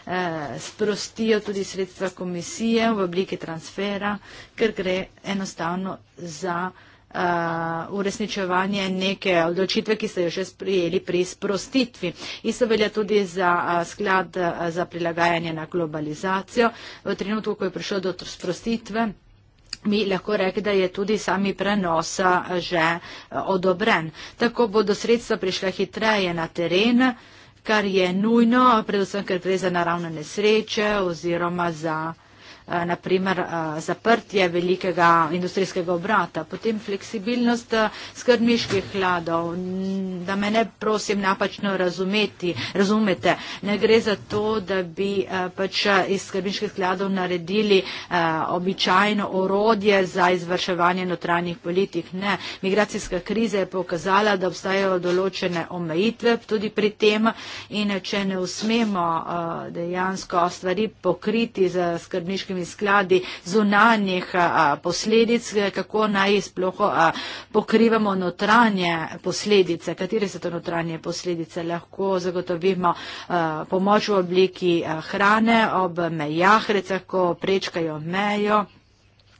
Speaker 3: eh, sprostijo tudi sredstva komisije v obliki transfera, ker gre enostavno za uh, uresničevanje neke odločitve, ki ste jo že sprijeli pri sprostitvi. Isto velja tudi za uh, sklad uh, za prilagajanje na globalizacijo. V trenutku, ko je prišlo do sprostitve, mi lahko rekli, da je tudi sami prenos uh, že uh, odobren. Tako bodo sredstva prišla hitreje na teren kar je nujno, predvsem ker gre za naravne nesreče oziroma za uh, Eh, naprimer eh, zaprtje velikega industrijskega obrata, potem fleksibilnost eh, skrbniških hladov, da me ne prosim napačno razumeti, razumete, ne gre za to, da bi pač iz skrbniških hladov naredili običajno orodje za izvrševanje notranjih politik, ne. Migracijska kriza je pokazala, da obstajajo določene omejitve tudi pri tem in če ne usmemo dejansko stvari pokriti z skrbniškimi socialni skladi zunanjih posledic, kako naj sploh pokrivamo notranje posledice, katere so to notranje posledice. Lahko zagotovimo pomoč v obliki hrane ob mejah, recimo prečkajo mejo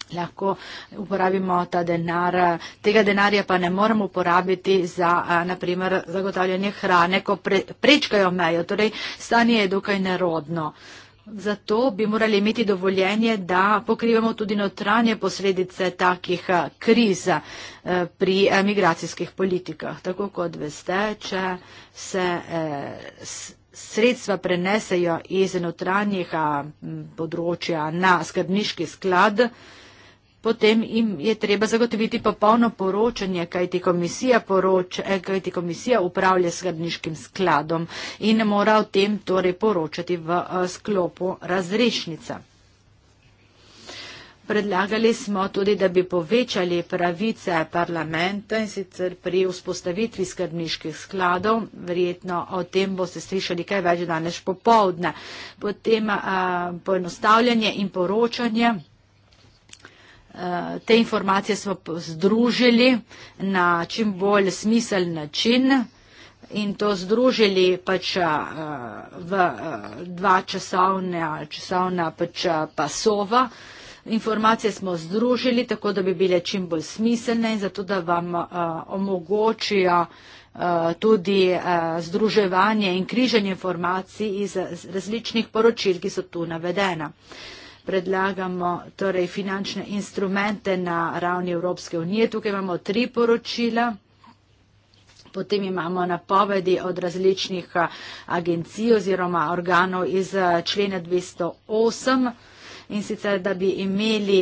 Speaker 3: lahko uporabimo ta denar. Tega denarja pa ne moramo uporabiti za, naprimer, zagotavljanje hrane, ko pre, prečkajo mejo. Torej, stanje je dokaj nerodno. Uh, Zato bi morali imeti dovoljenje, da pokrivamo tudi notranje posledice takih eh, kriz eh, pri eh, migracijskih politikah. Tako kot veste, če se sredstva prenesejo iz notranjih področja na skrbniški sklad, potem jim je treba zagotoviti popolno poročanje, kajti komisija, poroč, eh, kajti komisija upravlja skrbniškim skladom in mora o tem torej poročati v eh, sklopu razrešnica. Predlagali smo tudi, da bi povečali pravice parlamenta in sicer pri vzpostavitvi skrbniških skladov. Verjetno o tem boste slišali kaj več danes popovdne. Potem a, eh, poenostavljanje in poročanje. Eh, te informacije smo združili na čim bolj smisel način in to združili pač eh, v eh, dva časovna, časovna pač pasova. Informacije smo združili tako, da bi bile čim bolj smiselne in zato, da vam omogočijo tudi združevanje in križanje informacij iz različnih poročil, ki so tu navedena predlagamo torej finančne instrumente na ravni Evropske unije. Tukaj imamo tri poročila. Potem imamo napovedi od različnih agencij oziroma organov iz člena 208 in sicer, da bi imeli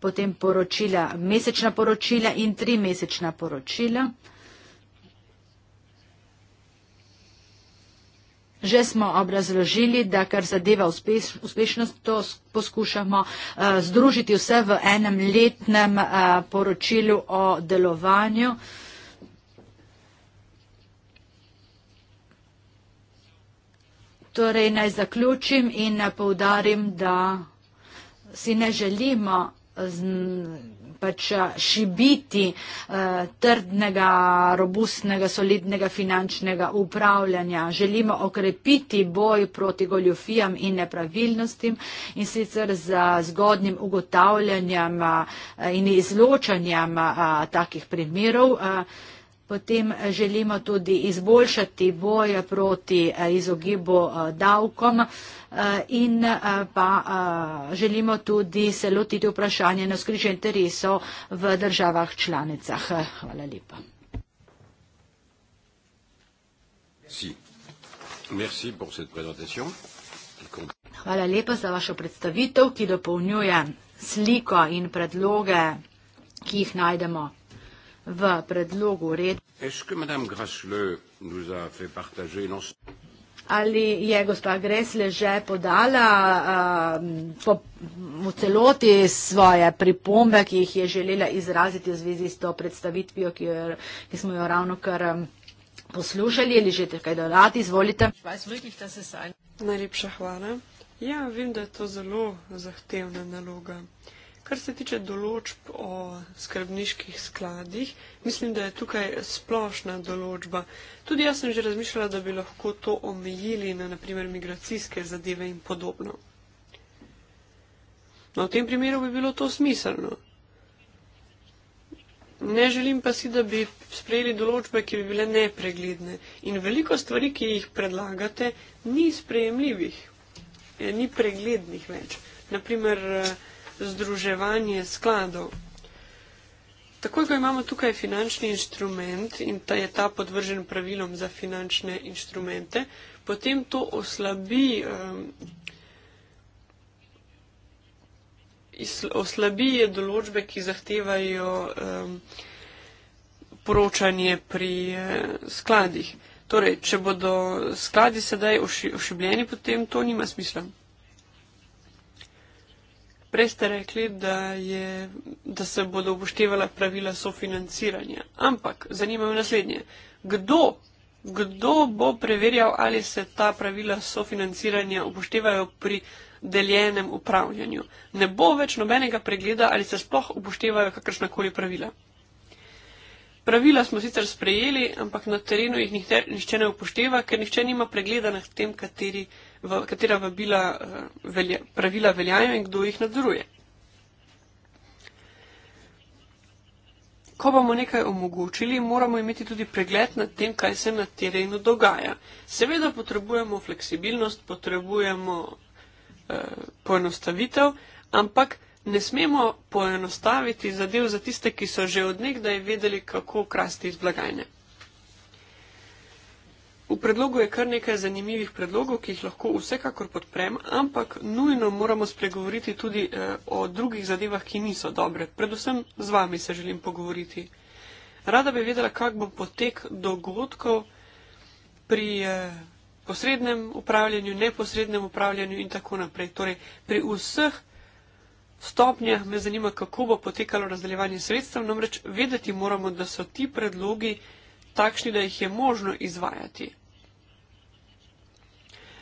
Speaker 3: potem poročila, mesečna poročila in tri mesečna poročila. Že smo obrazložili, da kar zadeva uspeš, uspešnost, to poskušamo uh, združiti vse v enem letnem uh, poročilu o delovanju. Torej, naj zaključim in eh, poudarim, da si ne želimo. Uh, pač eh, šibiti eh, trdnega, robustnega, solidnega finančnega upravljanja. Želimo okrepiti boj proti goljofijam in nepravilnostim in sicer z zgodnim ugotavljanjem eh, in izločanjem takih primerov. Potem eh, želimo tudi izboljšati boj proti eh, izogibu eh, davkom in pa želimo tudi se lotiti vprašanja na skrižje interesov v državah članicah. Hvala lepa. Hvala lepa za vašo predstavitev, ki dopolnjuje sliko in predloge, ki jih najdemo v predlogu red. Ali je gospa Gresle že podala uh, po, v celoti svoje pripombe, ki jih je želela izraziti v zvezi s to predstavitvijo, ki, jo, ki smo jo ravno kar um, poslušali, ali želite kaj dodati? Izvolite.
Speaker 2: Najlepša hvala. Ja, vem, da je to zelo zahtevna naloga. Uh, Kar se tiče določb o skrbniških skladih, mislim, da je tukaj splošna določba. Tudi jaz sem že razmišljala, da bi lahko to omejili na naprimer migracijske zadeve in podobno. No, v tem primeru bi bilo to smiselno. Ne želim pa si, da bi sprejeli določbe, ki bi bile nepregledne. In veliko stvari, ki jih predlagate, ni sprejemljivih, eh, ni preglednih več. Naprimer, eh, združevanje skladov. Tako, ko imamo tukaj finančni inštrument in ta je ta podvržen pravilom za finančne inštrumente, potem to oslabi, um, oslabi določbe, ki zahtevajo um, poročanje pri uh, skladih. Torej, če bodo skladi sedaj oši, ošibljeni, potem to nima smisla. Prej ste rekli, da, je, da se bodo upoštevala pravila sofinanciranja. Ampak zanima me naslednje. Kdo, kdo bo preverjal, ali se ta pravila sofinanciranja upoštevajo pri deljenem upravljanju? Ne bo več nobenega pregleda, ali se sploh upoštevajo kakršnakoli pravila. Pravila smo sicer sprejeli, ampak na terenu jih nihče ne upošteva, ker nihče nima pregleda nad tem, kateri v katera vabila, eh, velja, pravila veljajo in kdo jih nadzoruje. Ko bomo nekaj omogočili, moramo imeti tudi pregled nad tem, kaj se na terenu dogaja. Seveda potrebujemo fleksibilnost, potrebujemo eh, poenostavitev, ampak ne smemo poenostaviti zadev za tiste, ki so že odnegdaj vedeli, kako krasti iz blagajne. V predlogu je kar nekaj zanimivih predlogov, ki jih lahko vsekakor podprem, ampak nujno moramo spregovoriti tudi eh, o drugih zadevah, ki niso dobre. Predvsem z vami se želim pogovoriti. Rada bi vedela, kak bo potek dogodkov pri eh, posrednem upravljanju, neposrednem upravljanju in tako naprej. Torej, pri vseh stopnjah me zanima, kako bo potekalo razdeljevanje sredstev, namreč vedeti moramo, da so ti predlogi takšni, da jih je možno izvajati.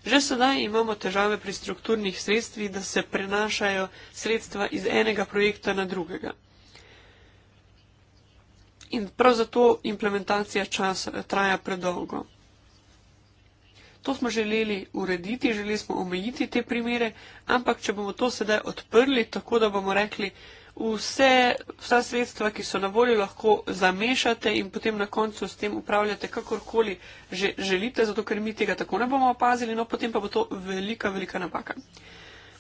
Speaker 2: Že sedaj imamo težave pri strukturnih sredstvih, da se prenašajo sredstva iz enega projekta na drugega. In prav zato implementacija časa traja predolgo. To smo želeli urediti, želeli smo omejiti te primere, ampak če bomo to sedaj odprli, tako da bomo rekli, vse, vsa sredstva, ki so na voljo, lahko zamešate in potem na koncu s tem upravljate kakorkoli že želite, zato ker mi tega tako ne bomo opazili, no potem pa bo to velika, velika napaka.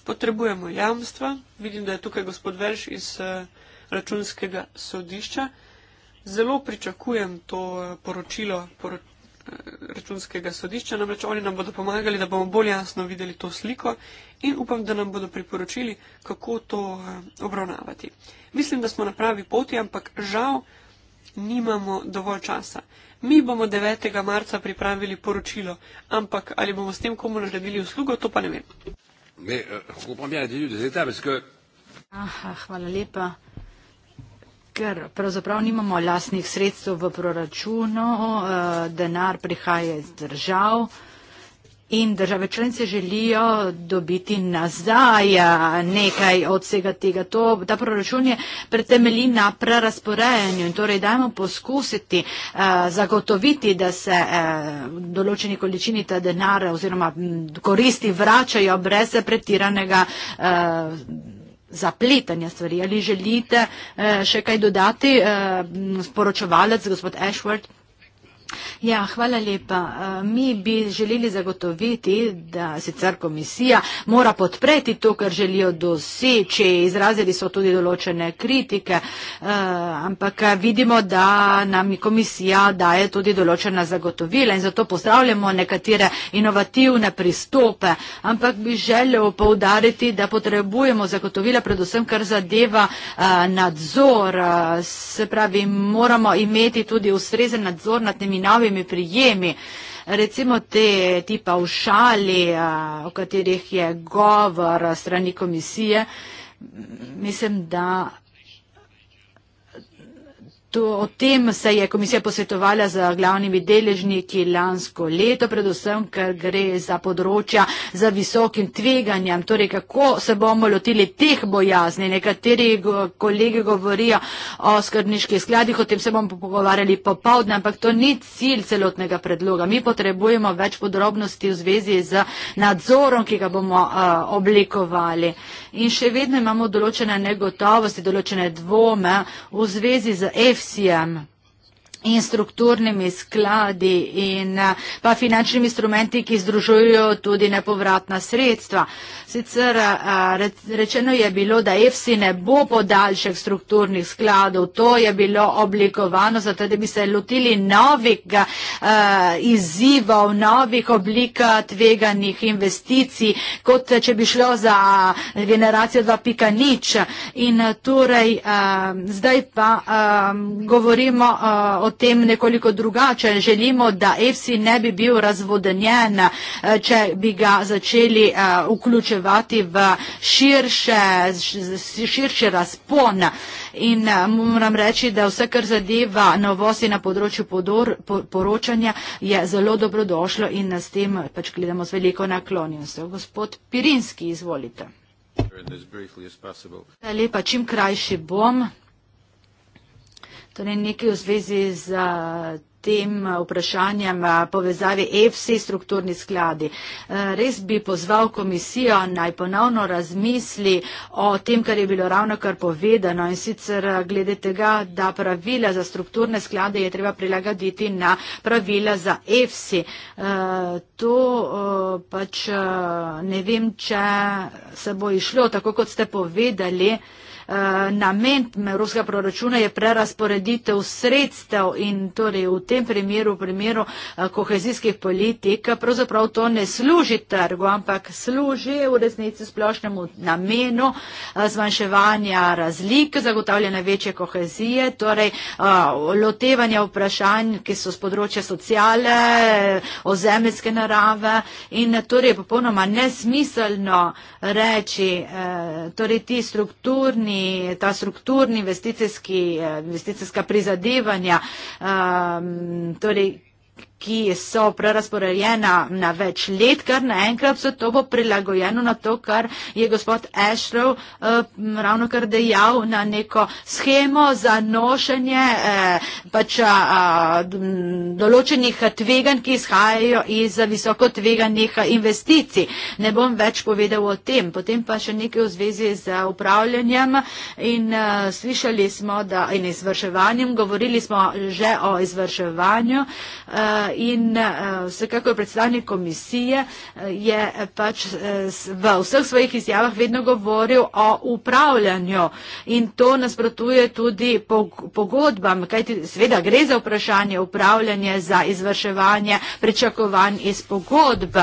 Speaker 2: Potrebujemo jamstva, vidim, da je tukaj gospod Verš iz eh, računskega sodišča. Zelo pričakujem to eh, poročilo, poročilo računskega sodišča, namreč oni nam bodo pomagali, da bomo bolj jasno videli to sliko in upam, da nam bodo priporočili, kako to eh, obravnavati. Mislim, da smo na pravi poti, ampak žal nimamo dovolj časa. Mi bomo 9. marca pripravili poročilo, ampak ali bomo s tem komu naredili uslugo, to pa ne vem. Mais,
Speaker 3: euh, je comprends bien l'attitude des États parce que. Ah, ah, voilà, les pas ker pravzaprav nimamo lasnih sredstev v proračunu, eh, denar prihaja iz držav in države članice želijo dobiti nazaj eh, nekaj od vsega tega. To, ta proračun je pretemeli na prerasporejanju in torej dajmo poskusiti eh, zagotoviti, da se v določeni količini ta denar oziroma koristi vračajo brez pretiranega zapletanja stvari. Ali želite eh, še kaj dodati, eh, sporočevalec gospod Ashworth? Ja, hvala lepa. Eh, mi bi želeli zagotoviti, da sicer komisija mora podpreti to, kar želijo doseči. Izrazili so tudi določene kritike, eh, ampak vidimo, da nam komisija daje tudi določena zagotovila in zato pozdravljamo nekatere inovativne pristope. Ampak bi želel povdariti, da potrebujemo zagotovila predvsem, kar zadeva eh, nadzor. Se pravi, moramo imeti tudi ustrezen nadzor nad temi novimi prijemi, recimo te ti paušali, o katerih je govor strani komisije, mislim, da To, o tem se je komisija posvetovala z glavnimi deležniki lansko leto, predvsem, ker gre za področja za visokim tveganjem. Torej, kako se bomo lotili teh bojazni? Nekateri kolegi govorijo o skrbniških skladih, o tem se bomo pogovarjali popovdne, ampak to ni cilj celotnega predloga. Mi potrebujemo več podrobnosti v zvezi z nadzorom, ki ga bomo uh, oblikovali. In še vedno imamo določene negotovosti, določene dvome v zvezi z EFSA. FCM in strukturnimi skladi in eh, pa finančnimi instrumenti, ki združujejo tudi nepovratna sredstva. Sicer eh, rečeno je bilo, da EFSI ne bo podaljšek strukturnih skladov, to je bilo oblikovano, zato da bi se lotili novih eh, izzivov, novih oblika tveganih investicij, kot če bi šlo za generacijo 2 pika nič. In torej zdaj pa govorimo o o tem nekoliko drugače. Želimo, da EFSI ne bi bil razvodenjen, eh, če bi ga začeli eh, vključevati v širše, širše razpon. In eh, moram reči, da vse, kar zadeva novosti na področju podor, poročanja, je zelo dobrodošlo in s tem pač gledamo z veliko naklonjenostjo. Gospod Pirinski, izvolite. Lepa, čim krajši bom. Torej nekaj v zvezi z a, tem vprašanjem a, povezavi EFSI strukturni skladi. A, res bi pozval komisijo naj ponovno razmisli o tem, kar je bilo ravno kar povedano in sicer glede tega, da pravila za strukturne sklade je treba prilagoditi na pravila za EFSI. A, to a, pač a, ne vem, če se bo išlo, tako kot ste povedali. A, Eh, namen evropskega proračuna je prerasporeditev sredstev in torej v tem primeru, v primeru eh, kohezijskih politik, pravzaprav to ne služi trgu, ampak služi v resnici splošnemu namenu eh, zmanjševanja razlik, zagotavljanja večje kohezije, torej lotevanja vprašanj, ki so z področja sociale, ozemljske narave in torej je popolnoma nesmiselno reči, torej ti strukturni ta strukturni investicijski, eh, investicijska prizadevanja, um, torej ki so prerasporejena na več let, kar naenkrat se to bo prilagojeno na to, kar je gospod Ashrow uh, eh, ravno kar dejal na neko schemo za nošenje uh, pač, uh, določenih tveganj, ki izhajajo iz visoko tveganih investicij. Ne bom več povedal o tem. Potem pa še nekaj v zvezi z upravljanjem in uh, slišali smo da, in izvrševanjem, govorili smo že o izvrševanju. Uh, in eh, vsekakor predstavnik komisije eh, je pač eh, v vseh svojih izjavah vedno govoril o upravljanju in to nasprotuje tudi pogodbam, kajti sveda gre za vprašanje upravljanja za izvrševanje pričakovanj iz pogodb,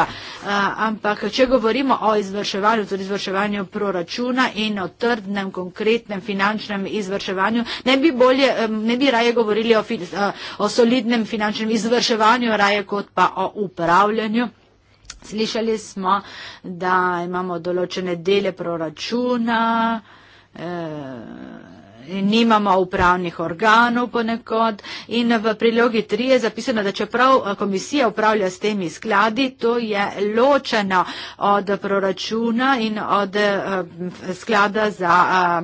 Speaker 3: ampak če govorimo o izvrševanju, tudi izvrševanju proračuna in o trdnem, konkretnem finančnem izvrševanju, ne bi, bolje, ne bi raje govorili o, o solidnem finančnem izvrševanju, reševanju, raje kot pa o upravljanju. Slišali smo, da imamo določene dele proračuna. Eh, Nimamo upravnih organov ponekod in v prilogi 3 je zapisano, da čeprav eh, komisija upravlja s temi skladi, to je ločeno od proračuna in od eh, sklada za,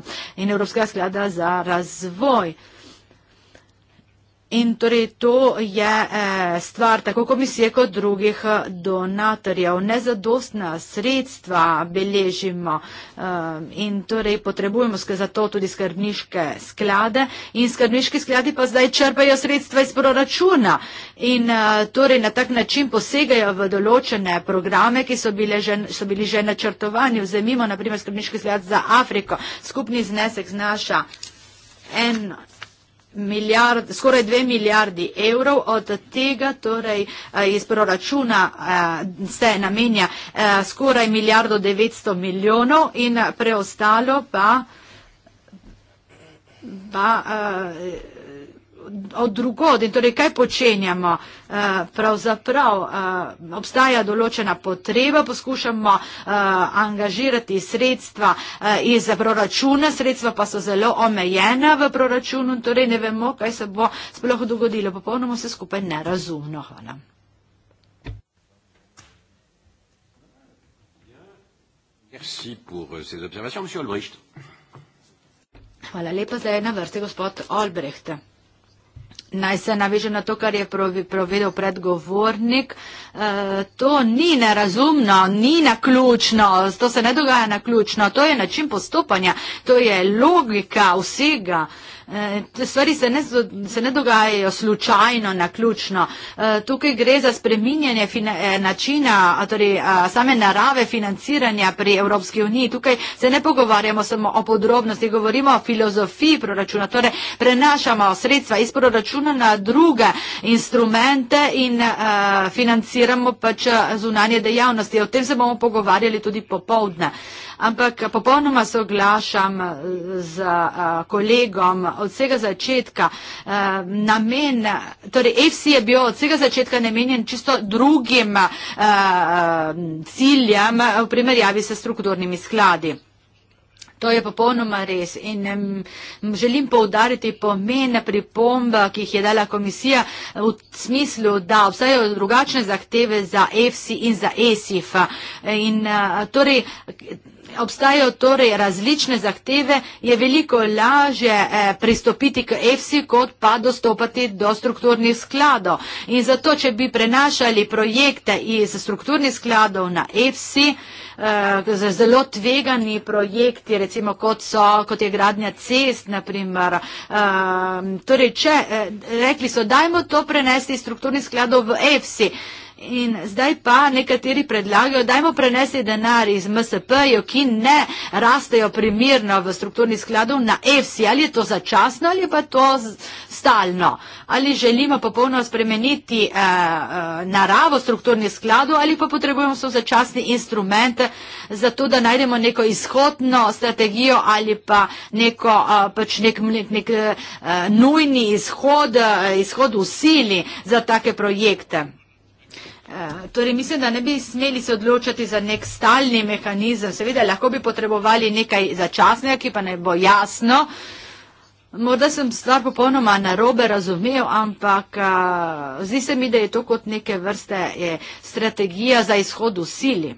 Speaker 3: eh, in Evropskega sklada za razvoj. In torej to je eh, stvar tako komisije kot drugih eh, donatorjev. Nezadostna sredstva beležimo eh, in torej potrebujemo za to tudi skrbniške sklade in skrbniški skladi pa zdaj črpajo sredstva iz proračuna in eh, torej na tak način posegajo v določene programe, ki so, bile, že, so bili že načrtovani. Vzemimo naprimer skrbniški sklad za Afriko. Skupni znesek znaša en milijard, skoraj dve milijardi evrov, od tega torej eh, iz proračuna eh, se namenja eh, skoraj milijardo 900 milijonov in preostalo pa pa uh, od drugod in torej kaj počenjamo. Eh, pravzaprav eh, obstaja določena potreba, poskušamo eh, angažirati sredstva iz proračuna, sredstva pa so zelo omejena v proračunu, torej ne vemo, kaj se bo sploh dogodilo. Popolnoma se skupaj nerazumno. Hvala.
Speaker 2: Merci pour euh, ces observations, monsieur Albrecht.
Speaker 3: Hvala lepa za eno vrste, gospod Albrecht. Naj se naveže na to, kar je provedel predgovornik. Eh, to ni nerazumno, ni naključno, to se ne dogaja naključno, to je način postopanja, to je logika vsega. Te eh, stvari se ne, se ne dogajajo slučajno, naključno. Eh, tukaj gre za spreminjanje načina, torej same narave financiranja pri Evropski uniji. Tukaj se ne pogovarjamo samo o podrobnosti, govorimo o filozofiji proračuna, torej prenašamo sredstva iz proračuna na druge instrumente in uh, financiranje financiramo pač eh, zunanje dejavnosti. O tem se bomo pogovarjali tudi popovdne. Ampak popolnoma soglašam eh, z eh, kolegom od vsega začetka. Namen, torej EFSI je bil od vsega začetka namenjen čisto drugim ciljem v primerjavi se strukturnimi skladi. To je popolnoma res in želim povdariti pomen pripomba, ki jih je dala komisija v smislu, da obstajajo drugačne zahteve za EFSI in za ESIF. In, torej, obstajajo torej različne zahteve, je veliko lažje eh, pristopiti k EFSI, kot pa dostopati do strukturnih skladov. In zato, če bi prenašali projekte iz strukturnih skladov na EFSI, eh, za zelo tvegani projekti, recimo kot, so, kot je gradnja cest, naprimer. Eh, torej, če, rekli so, dajmo to prenesti iz strukturnih skladov v EFSI. In zdaj pa nekateri predlagajo, dajmo prenesti denar iz MSP-jo, ki ne rastejo primirno v strukturni skladov na EFSI. Ali je to začasno ali pa to stalno? Ali želimo popolno spremeniti eh, eh, naravo strukturnih skladov ali pa potrebujemo so začasni instrument za to, da najdemo neko izhodno strategijo ali pa neko, eh, pač nek, nek, nek eh, nujni izhod, eh, izhod v sili za take projekte? Eh, torej, mislim, da ne bi smeli se odločati za nek stalni mehanizem. Seveda, lahko bi potrebovali nekaj začasnega, ki pa ne bo jasno. Morda sem stvar popolnoma narobe razumel, ampak eh, zdi se mi, da je to kot neke vrste strategija za izhod v sili.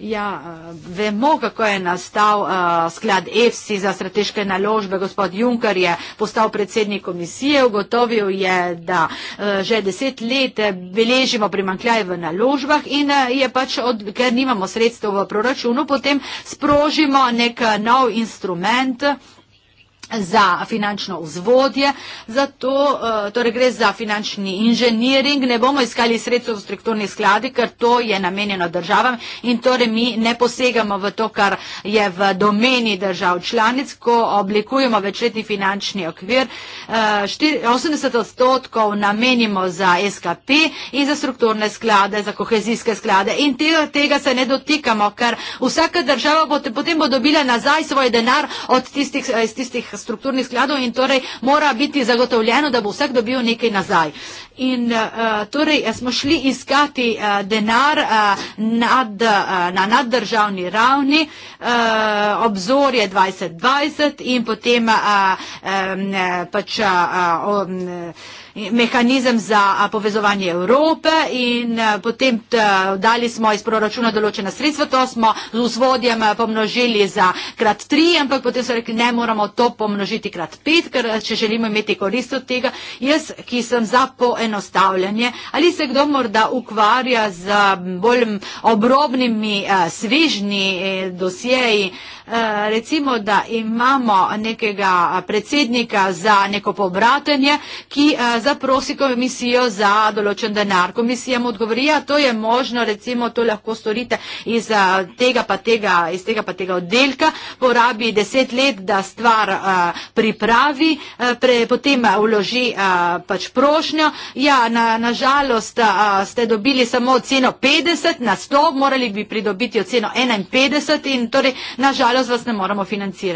Speaker 3: Ja, eh, vemo, kako je nastal uh, sklad EFSI za strateške naložbe. Gospod Juncker je postal predsednik komisije, ugotovil je, da uh, že deset let beležimo primankljaj v naložbah in uh, je pač, od, ker nimamo sredstev v proračunu, potem sprožimo nek nov instrument. Uh, za finančno vzvodje, zato, eh, torej gre za finančni inženiring, ne bomo iskali sredstvo v strukturni skladi, ker to je namenjeno državam in torej mi ne posegamo v to, kar je v domeni držav članic, ko oblikujemo večletni finančni okvir, 80 eh, odstotkov namenimo za SKP in za strukturne sklade, za kohezijske sklade in tega se ne dotikamo, ker vsaka država potem bo dobila nazaj svoj denar od tistih strukturnih skladov in torej mora biti zagotovljeno, da bo vsak dobil nekaj nazaj. In uh, torej eh, smo šli iskati uh, denar uh, nad, uh, na naddržavni ravni, uh, obzorje 2020 in potem uh, um, pač uh, um, mehanizem za povezovanje Evrope in potem dali smo iz proračuna določena sredstva, to smo z vzvodjem pomnožili za krat tri, ampak potem so rekli, ne moramo to pomnožiti krat pet, ker če želimo imeti korist od tega, jaz, ki sem za poenostavljanje, ali se kdo morda ukvarja z bolj obrobnimi svežni e, dosjeji, recimo, da imamo nekega predsednika za neko pobratenje, ki za zaprosi komisijo za določen denar. Komisija mu odgovori, a ja, to je možno, recimo to lahko storite iz tega pa tega, iz tega pa tega oddelka, porabi deset let, da stvar a, pripravi, a, pre, potem uloži a, pač prošnjo. Ja, na, na žalost a, ste dobili samo oceno 50 na 100, morali bi pridobiti oceno 51 in torej na žalost vas ne moramo financirati.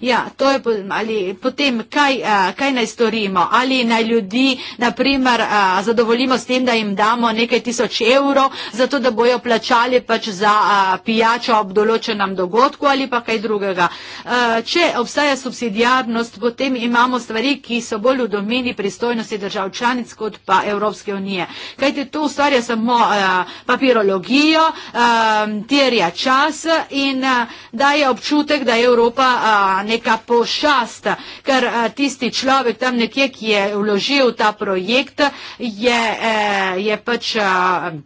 Speaker 3: Ja, to je ali, potem, kaj, a, kaj naj storimo? Ali naj ljudi ljudi, naprimer, zadovoljimo s tem, da jim damo nekaj tisoč evrov, zato da bojo plačali pač za pijačo ob določenem dogodku ali pa kaj drugega. Če obstaja subsidijarnost, potem imamo stvari, ki so bolj v domeni pristojnosti držav članic kot pa Evropske unije. Kajte, to ustvarja samo papirologijo, terja čas in daje občutek, da je Evropa neka pošast, ker tisti človek tam nekje, ki je vložil, vključil v ta projekt, je, eh, je pač eh,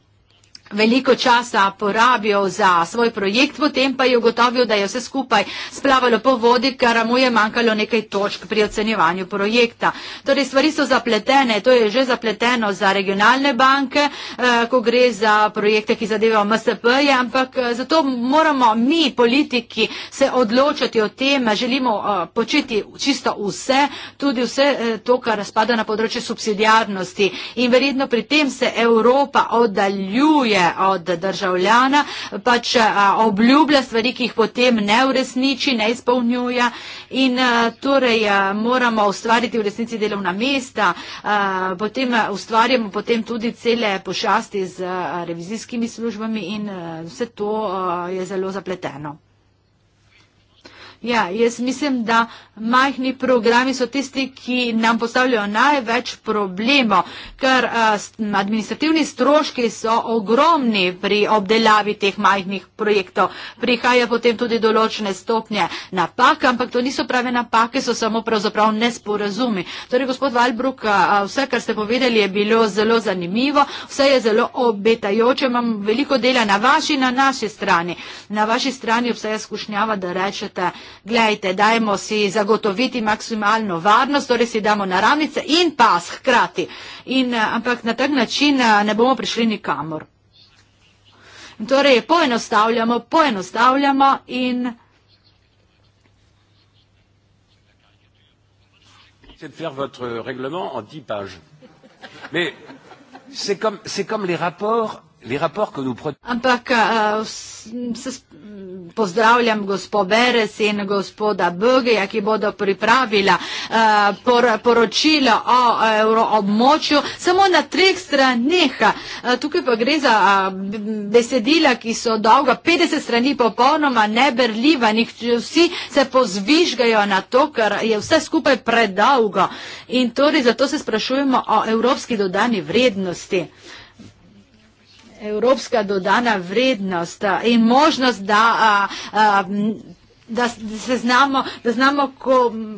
Speaker 3: veliko časa porabil za svoj projekt, potem pa je ugotovil, da je vse skupaj splavalo po vodi, kar mu je manjkalo nekaj točk pri ocenjevanju projekta. Torej, stvari so zapletene, to je že zapleteno za regionalne banke, eh, ko gre za projekte, ki zadevajo MSP, -je, ampak eh, zato moramo mi, politiki, se odločati o tem, želimo eh, početi čisto vse, tudi vse to, kar spada na področje subsidijarnosti. In verjetno pri tem se Evropa oddaljuje pričakuje od državljana, pač obljublja stvari, ki jih potem ne uresniči, ne izpolnjuje in torej moramo ustvariti v resnici delovna mesta, potem ustvarjamo potem tudi cele pošasti z revizijskimi službami in vse to je zelo zapleteno. Ja, jaz mislim, da majhni programi so tisti, ki nam postavljajo največ problemov, ker uh, administrativni stroški so ogromni pri obdelavi teh majhnih projektov. Prihaja potem tudi določene stopnje napak, ampak to niso prave napake, so samo pravzaprav nesporazumi. Torej, gospod Valbruk, uh, vse, kar ste povedali, je bilo zelo zanimivo, vse je zelo obetajoče, imam veliko dela na vaši in na naši strani. Na vaši strani obstaja skušnjava, da rečete, Glejte, dajmo si zagotoviti maksimalno varnost, torej si damo naravnice in pas hkrati. In, eh, ampak na tak način eh, ne bomo prišli nikamor. In torej poenostavljamo, poenostavljamo in.
Speaker 2: C'est de faire votre règlement en dix pages. Mais c'est
Speaker 1: comme, comme les rapports Les rapports que nous
Speaker 3: Ampak uh, pozdravljam gospo Beres in gospoda Bögeja, ki bodo pripravila uh, por poročilo o eh, evroobmočju samo na treh stranih. Uh, tukaj pa gre za uh, besedila, ki so dolga 50 strani popolnoma neberljiva. Vsi se pozvižgajo na to, ker je vse skupaj predolgo. In torej zato se sprašujemo o evropski dodani vrednosti. Uh, evropska dodana vrednost in možnost, da a, a, da, da se znamo, da znamo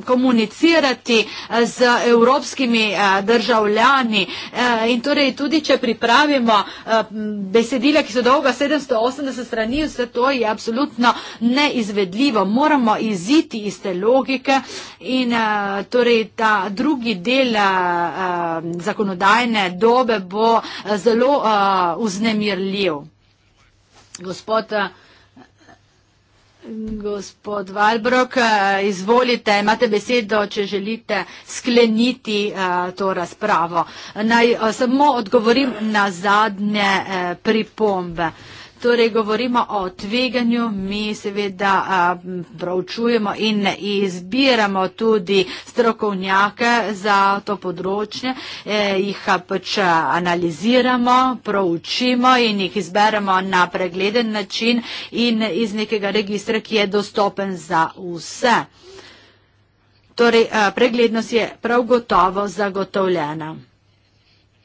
Speaker 3: komunicirati eh, z evropskimi eh, državljani. Eh, in torej tudi, če pripravimo besedila, ki so dolga 780 strani, vse to je absolutno neizvedljivo. Moramo iziti iz te logike in torej ta drugi del zakonodajne dobe bo zelo uznemirljiv. Gospod, uh, Gospod Valbrok, eh, izvolite, imate besedo, če želite skleniti eh, to razpravo. Naj eh, samo odgovorim na zadnje pripombe. Torej, govorimo o tveganju, mi seveda pravčujemo in izbiramo tudi strokovnjake za to področje, e, jih pač analiziramo, pravčimo in jih izberemo na pregleden način in iz nekega registra, ki je dostopen za vse. Torej, preglednost je prav gotovo zagotovljena.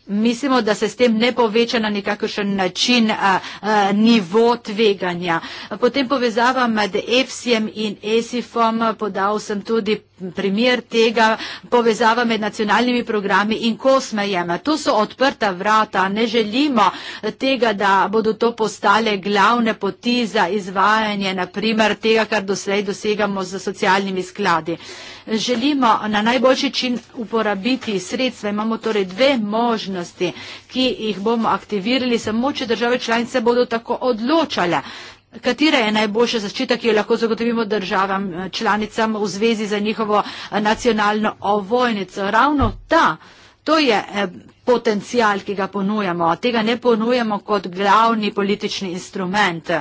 Speaker 3: Mislimo, da se s tem ne poveča na nekakšen način a, a, nivo tveganja. Potem povezava med EFSI-jem in ESIF-om podal sem tudi primer tega povezava med nacionalnimi programi in kosmejem. Tu so odprta vrata, ne želimo tega, da bodo to postale glavne poti za izvajanje, naprimer tega, kar doslej dosegamo z socialnimi skladi. Želimo na najboljši čin uporabiti sredstva. Imamo torej dve možnosti, ki jih bomo aktivirali, samo če države članice bodo tako odločale. Katera je najboljša zaščita, ki jo lahko zagotovimo državam eh, članicam v zvezi za njihovo eh, nacionalno ovojnico? Ravno ta, to je eh, potencial, ki ga ponujamo. Tega ne ponujamo kot glavni politični instrument.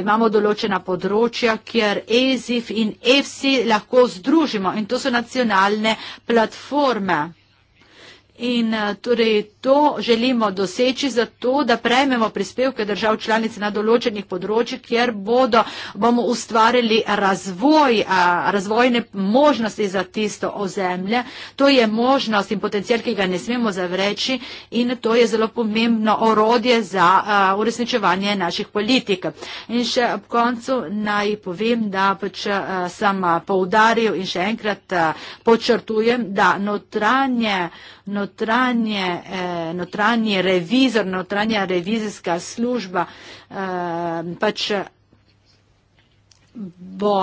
Speaker 3: Imamo določena področja, kjer EZIF in EFSI lahko združimo in to so nacionalne platforme. In eh, torej to želimo doseči zato, da prejmemo prispevke držav članic na določenih področjih, kjer bodo, bomo ustvarili razvoj, eh, razvojne možnosti za tisto ozemlje. To je možnost in potencijal, ki ga ne smemo zavreči in to je zelo pomembno orodje za eh, uresničevanje naših politik. In še ob koncu naj povem, da pač sem poudaril in še enkrat počrtujem, da notranje notranje, eh, notranje revizor, notranja revizijska služba eh, pač bo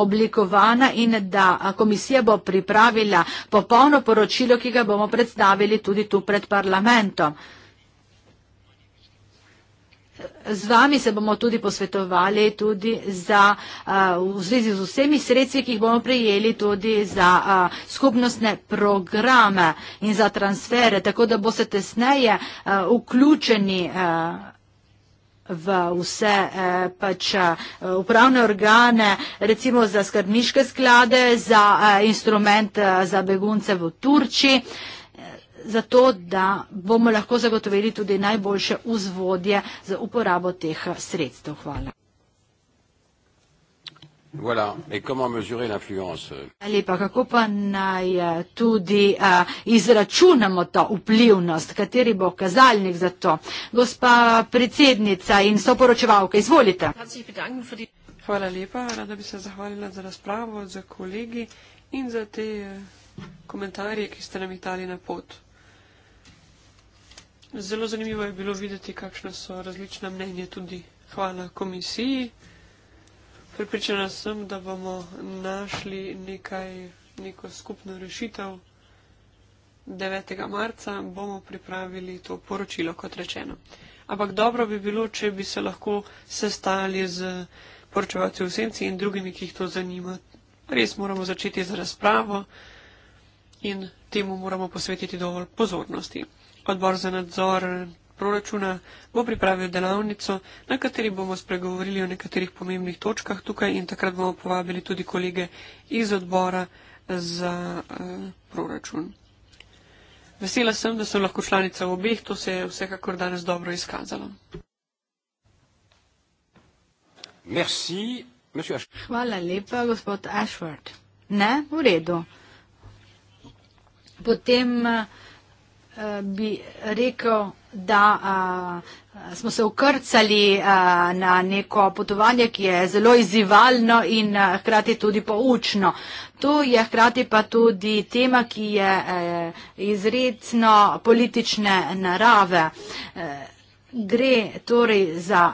Speaker 3: oblikovana in da komisija bo pripravila popolno poročilo, ki ga bomo predstavili tudi tu pred parlamentom. Eh, Z vami se bomo tudi posvetovali tudi za, uh, v zvezi z vsemi sredstvi, ki jih bomo prijeli tudi za uh, skupnostne programe in za transfere, tako da boste tesneje uh, vključeni uh, v vse uh, pač, uh, upravne organe, recimo za skrbniške sklade, za uh, instrument uh, za begunce v Turčiji zato da bomo lahko zagotovili tudi najboljše vzvodje za uporabo teh sredstev. Hvala.
Speaker 2: Voilà. Et comment mesurer l'influence
Speaker 3: Lepa, kako pa naj eh, tudi uh, izračunamo to vplivnost? Kateri bo kazalnik za to? Gospa predsednica in soporočevalka, izvolite.
Speaker 2: Hvala lepa. Rada bi se zahvalila za razpravo, za kolegi in za te eh, komentarje, ki ste nam jih dali na pot. Zelo zanimivo je bilo videti, kakšna so različna mnenja tudi. Hvala komisiji. Pripričana sem, da bomo našli nekaj, neko skupno rešitev. 9. marca bomo pripravili to poročilo, kot rečeno. Ampak dobro bi bilo, če bi se lahko sestali z poročevalci v senci in drugimi, ki jih to zanima. Res moramo začeti z razpravo in temu moramo posvetiti dovolj pozornosti. Odbor za nadzor proračuna bo pripravil delavnico, na kateri bomo spregovorili o nekaterih pomembnih točkah tukaj in takrat bomo povabili tudi kolege iz odbora za eh, proračun. Vesela sem, da sem lahko članica v obeh, to se je
Speaker 3: vsekakor danes dobro izkazalo.
Speaker 2: Merci,
Speaker 3: Hvala lepa, gospod Ashford. Ne, v redu. Potem uh, Eh, bi rekel, da a, eh, smo se ukrcali a, eh, na neko potovanje, ki je zelo izzivalno in a, hkrati tudi poučno. To je hkrati pa tudi tema, ki je a, izredno politične narave. A, Gre torej za,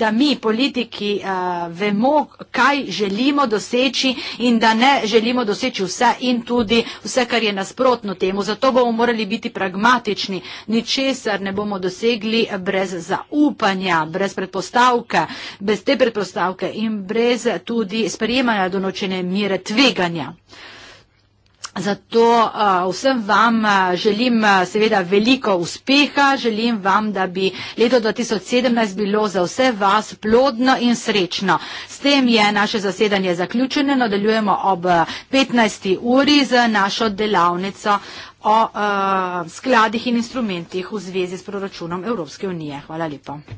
Speaker 3: da mi politiki uh, vemo, kaj želimo doseči in da ne želimo doseči vse in tudi vse, kar je nasprotno temu. Zato bomo morali biti pragmatični. Ničesar ne bomo dosegli brez zaupanja, brez predpostavke, brez te predpostavke in brez tudi sprejemanja donočene mire tveganja. Uh, Zato uh, vsem vam želim uh, seveda veliko uspeha, želim vam, da bi leto 2017 bilo za vse vas plodno in srečno. S tem je naše zasedanje zaključeno, nadaljujemo ob 15. uri z našo delavnico o uh, skladih in instrumentih v zvezi s proračunom Evropske unije. Hvala lepo.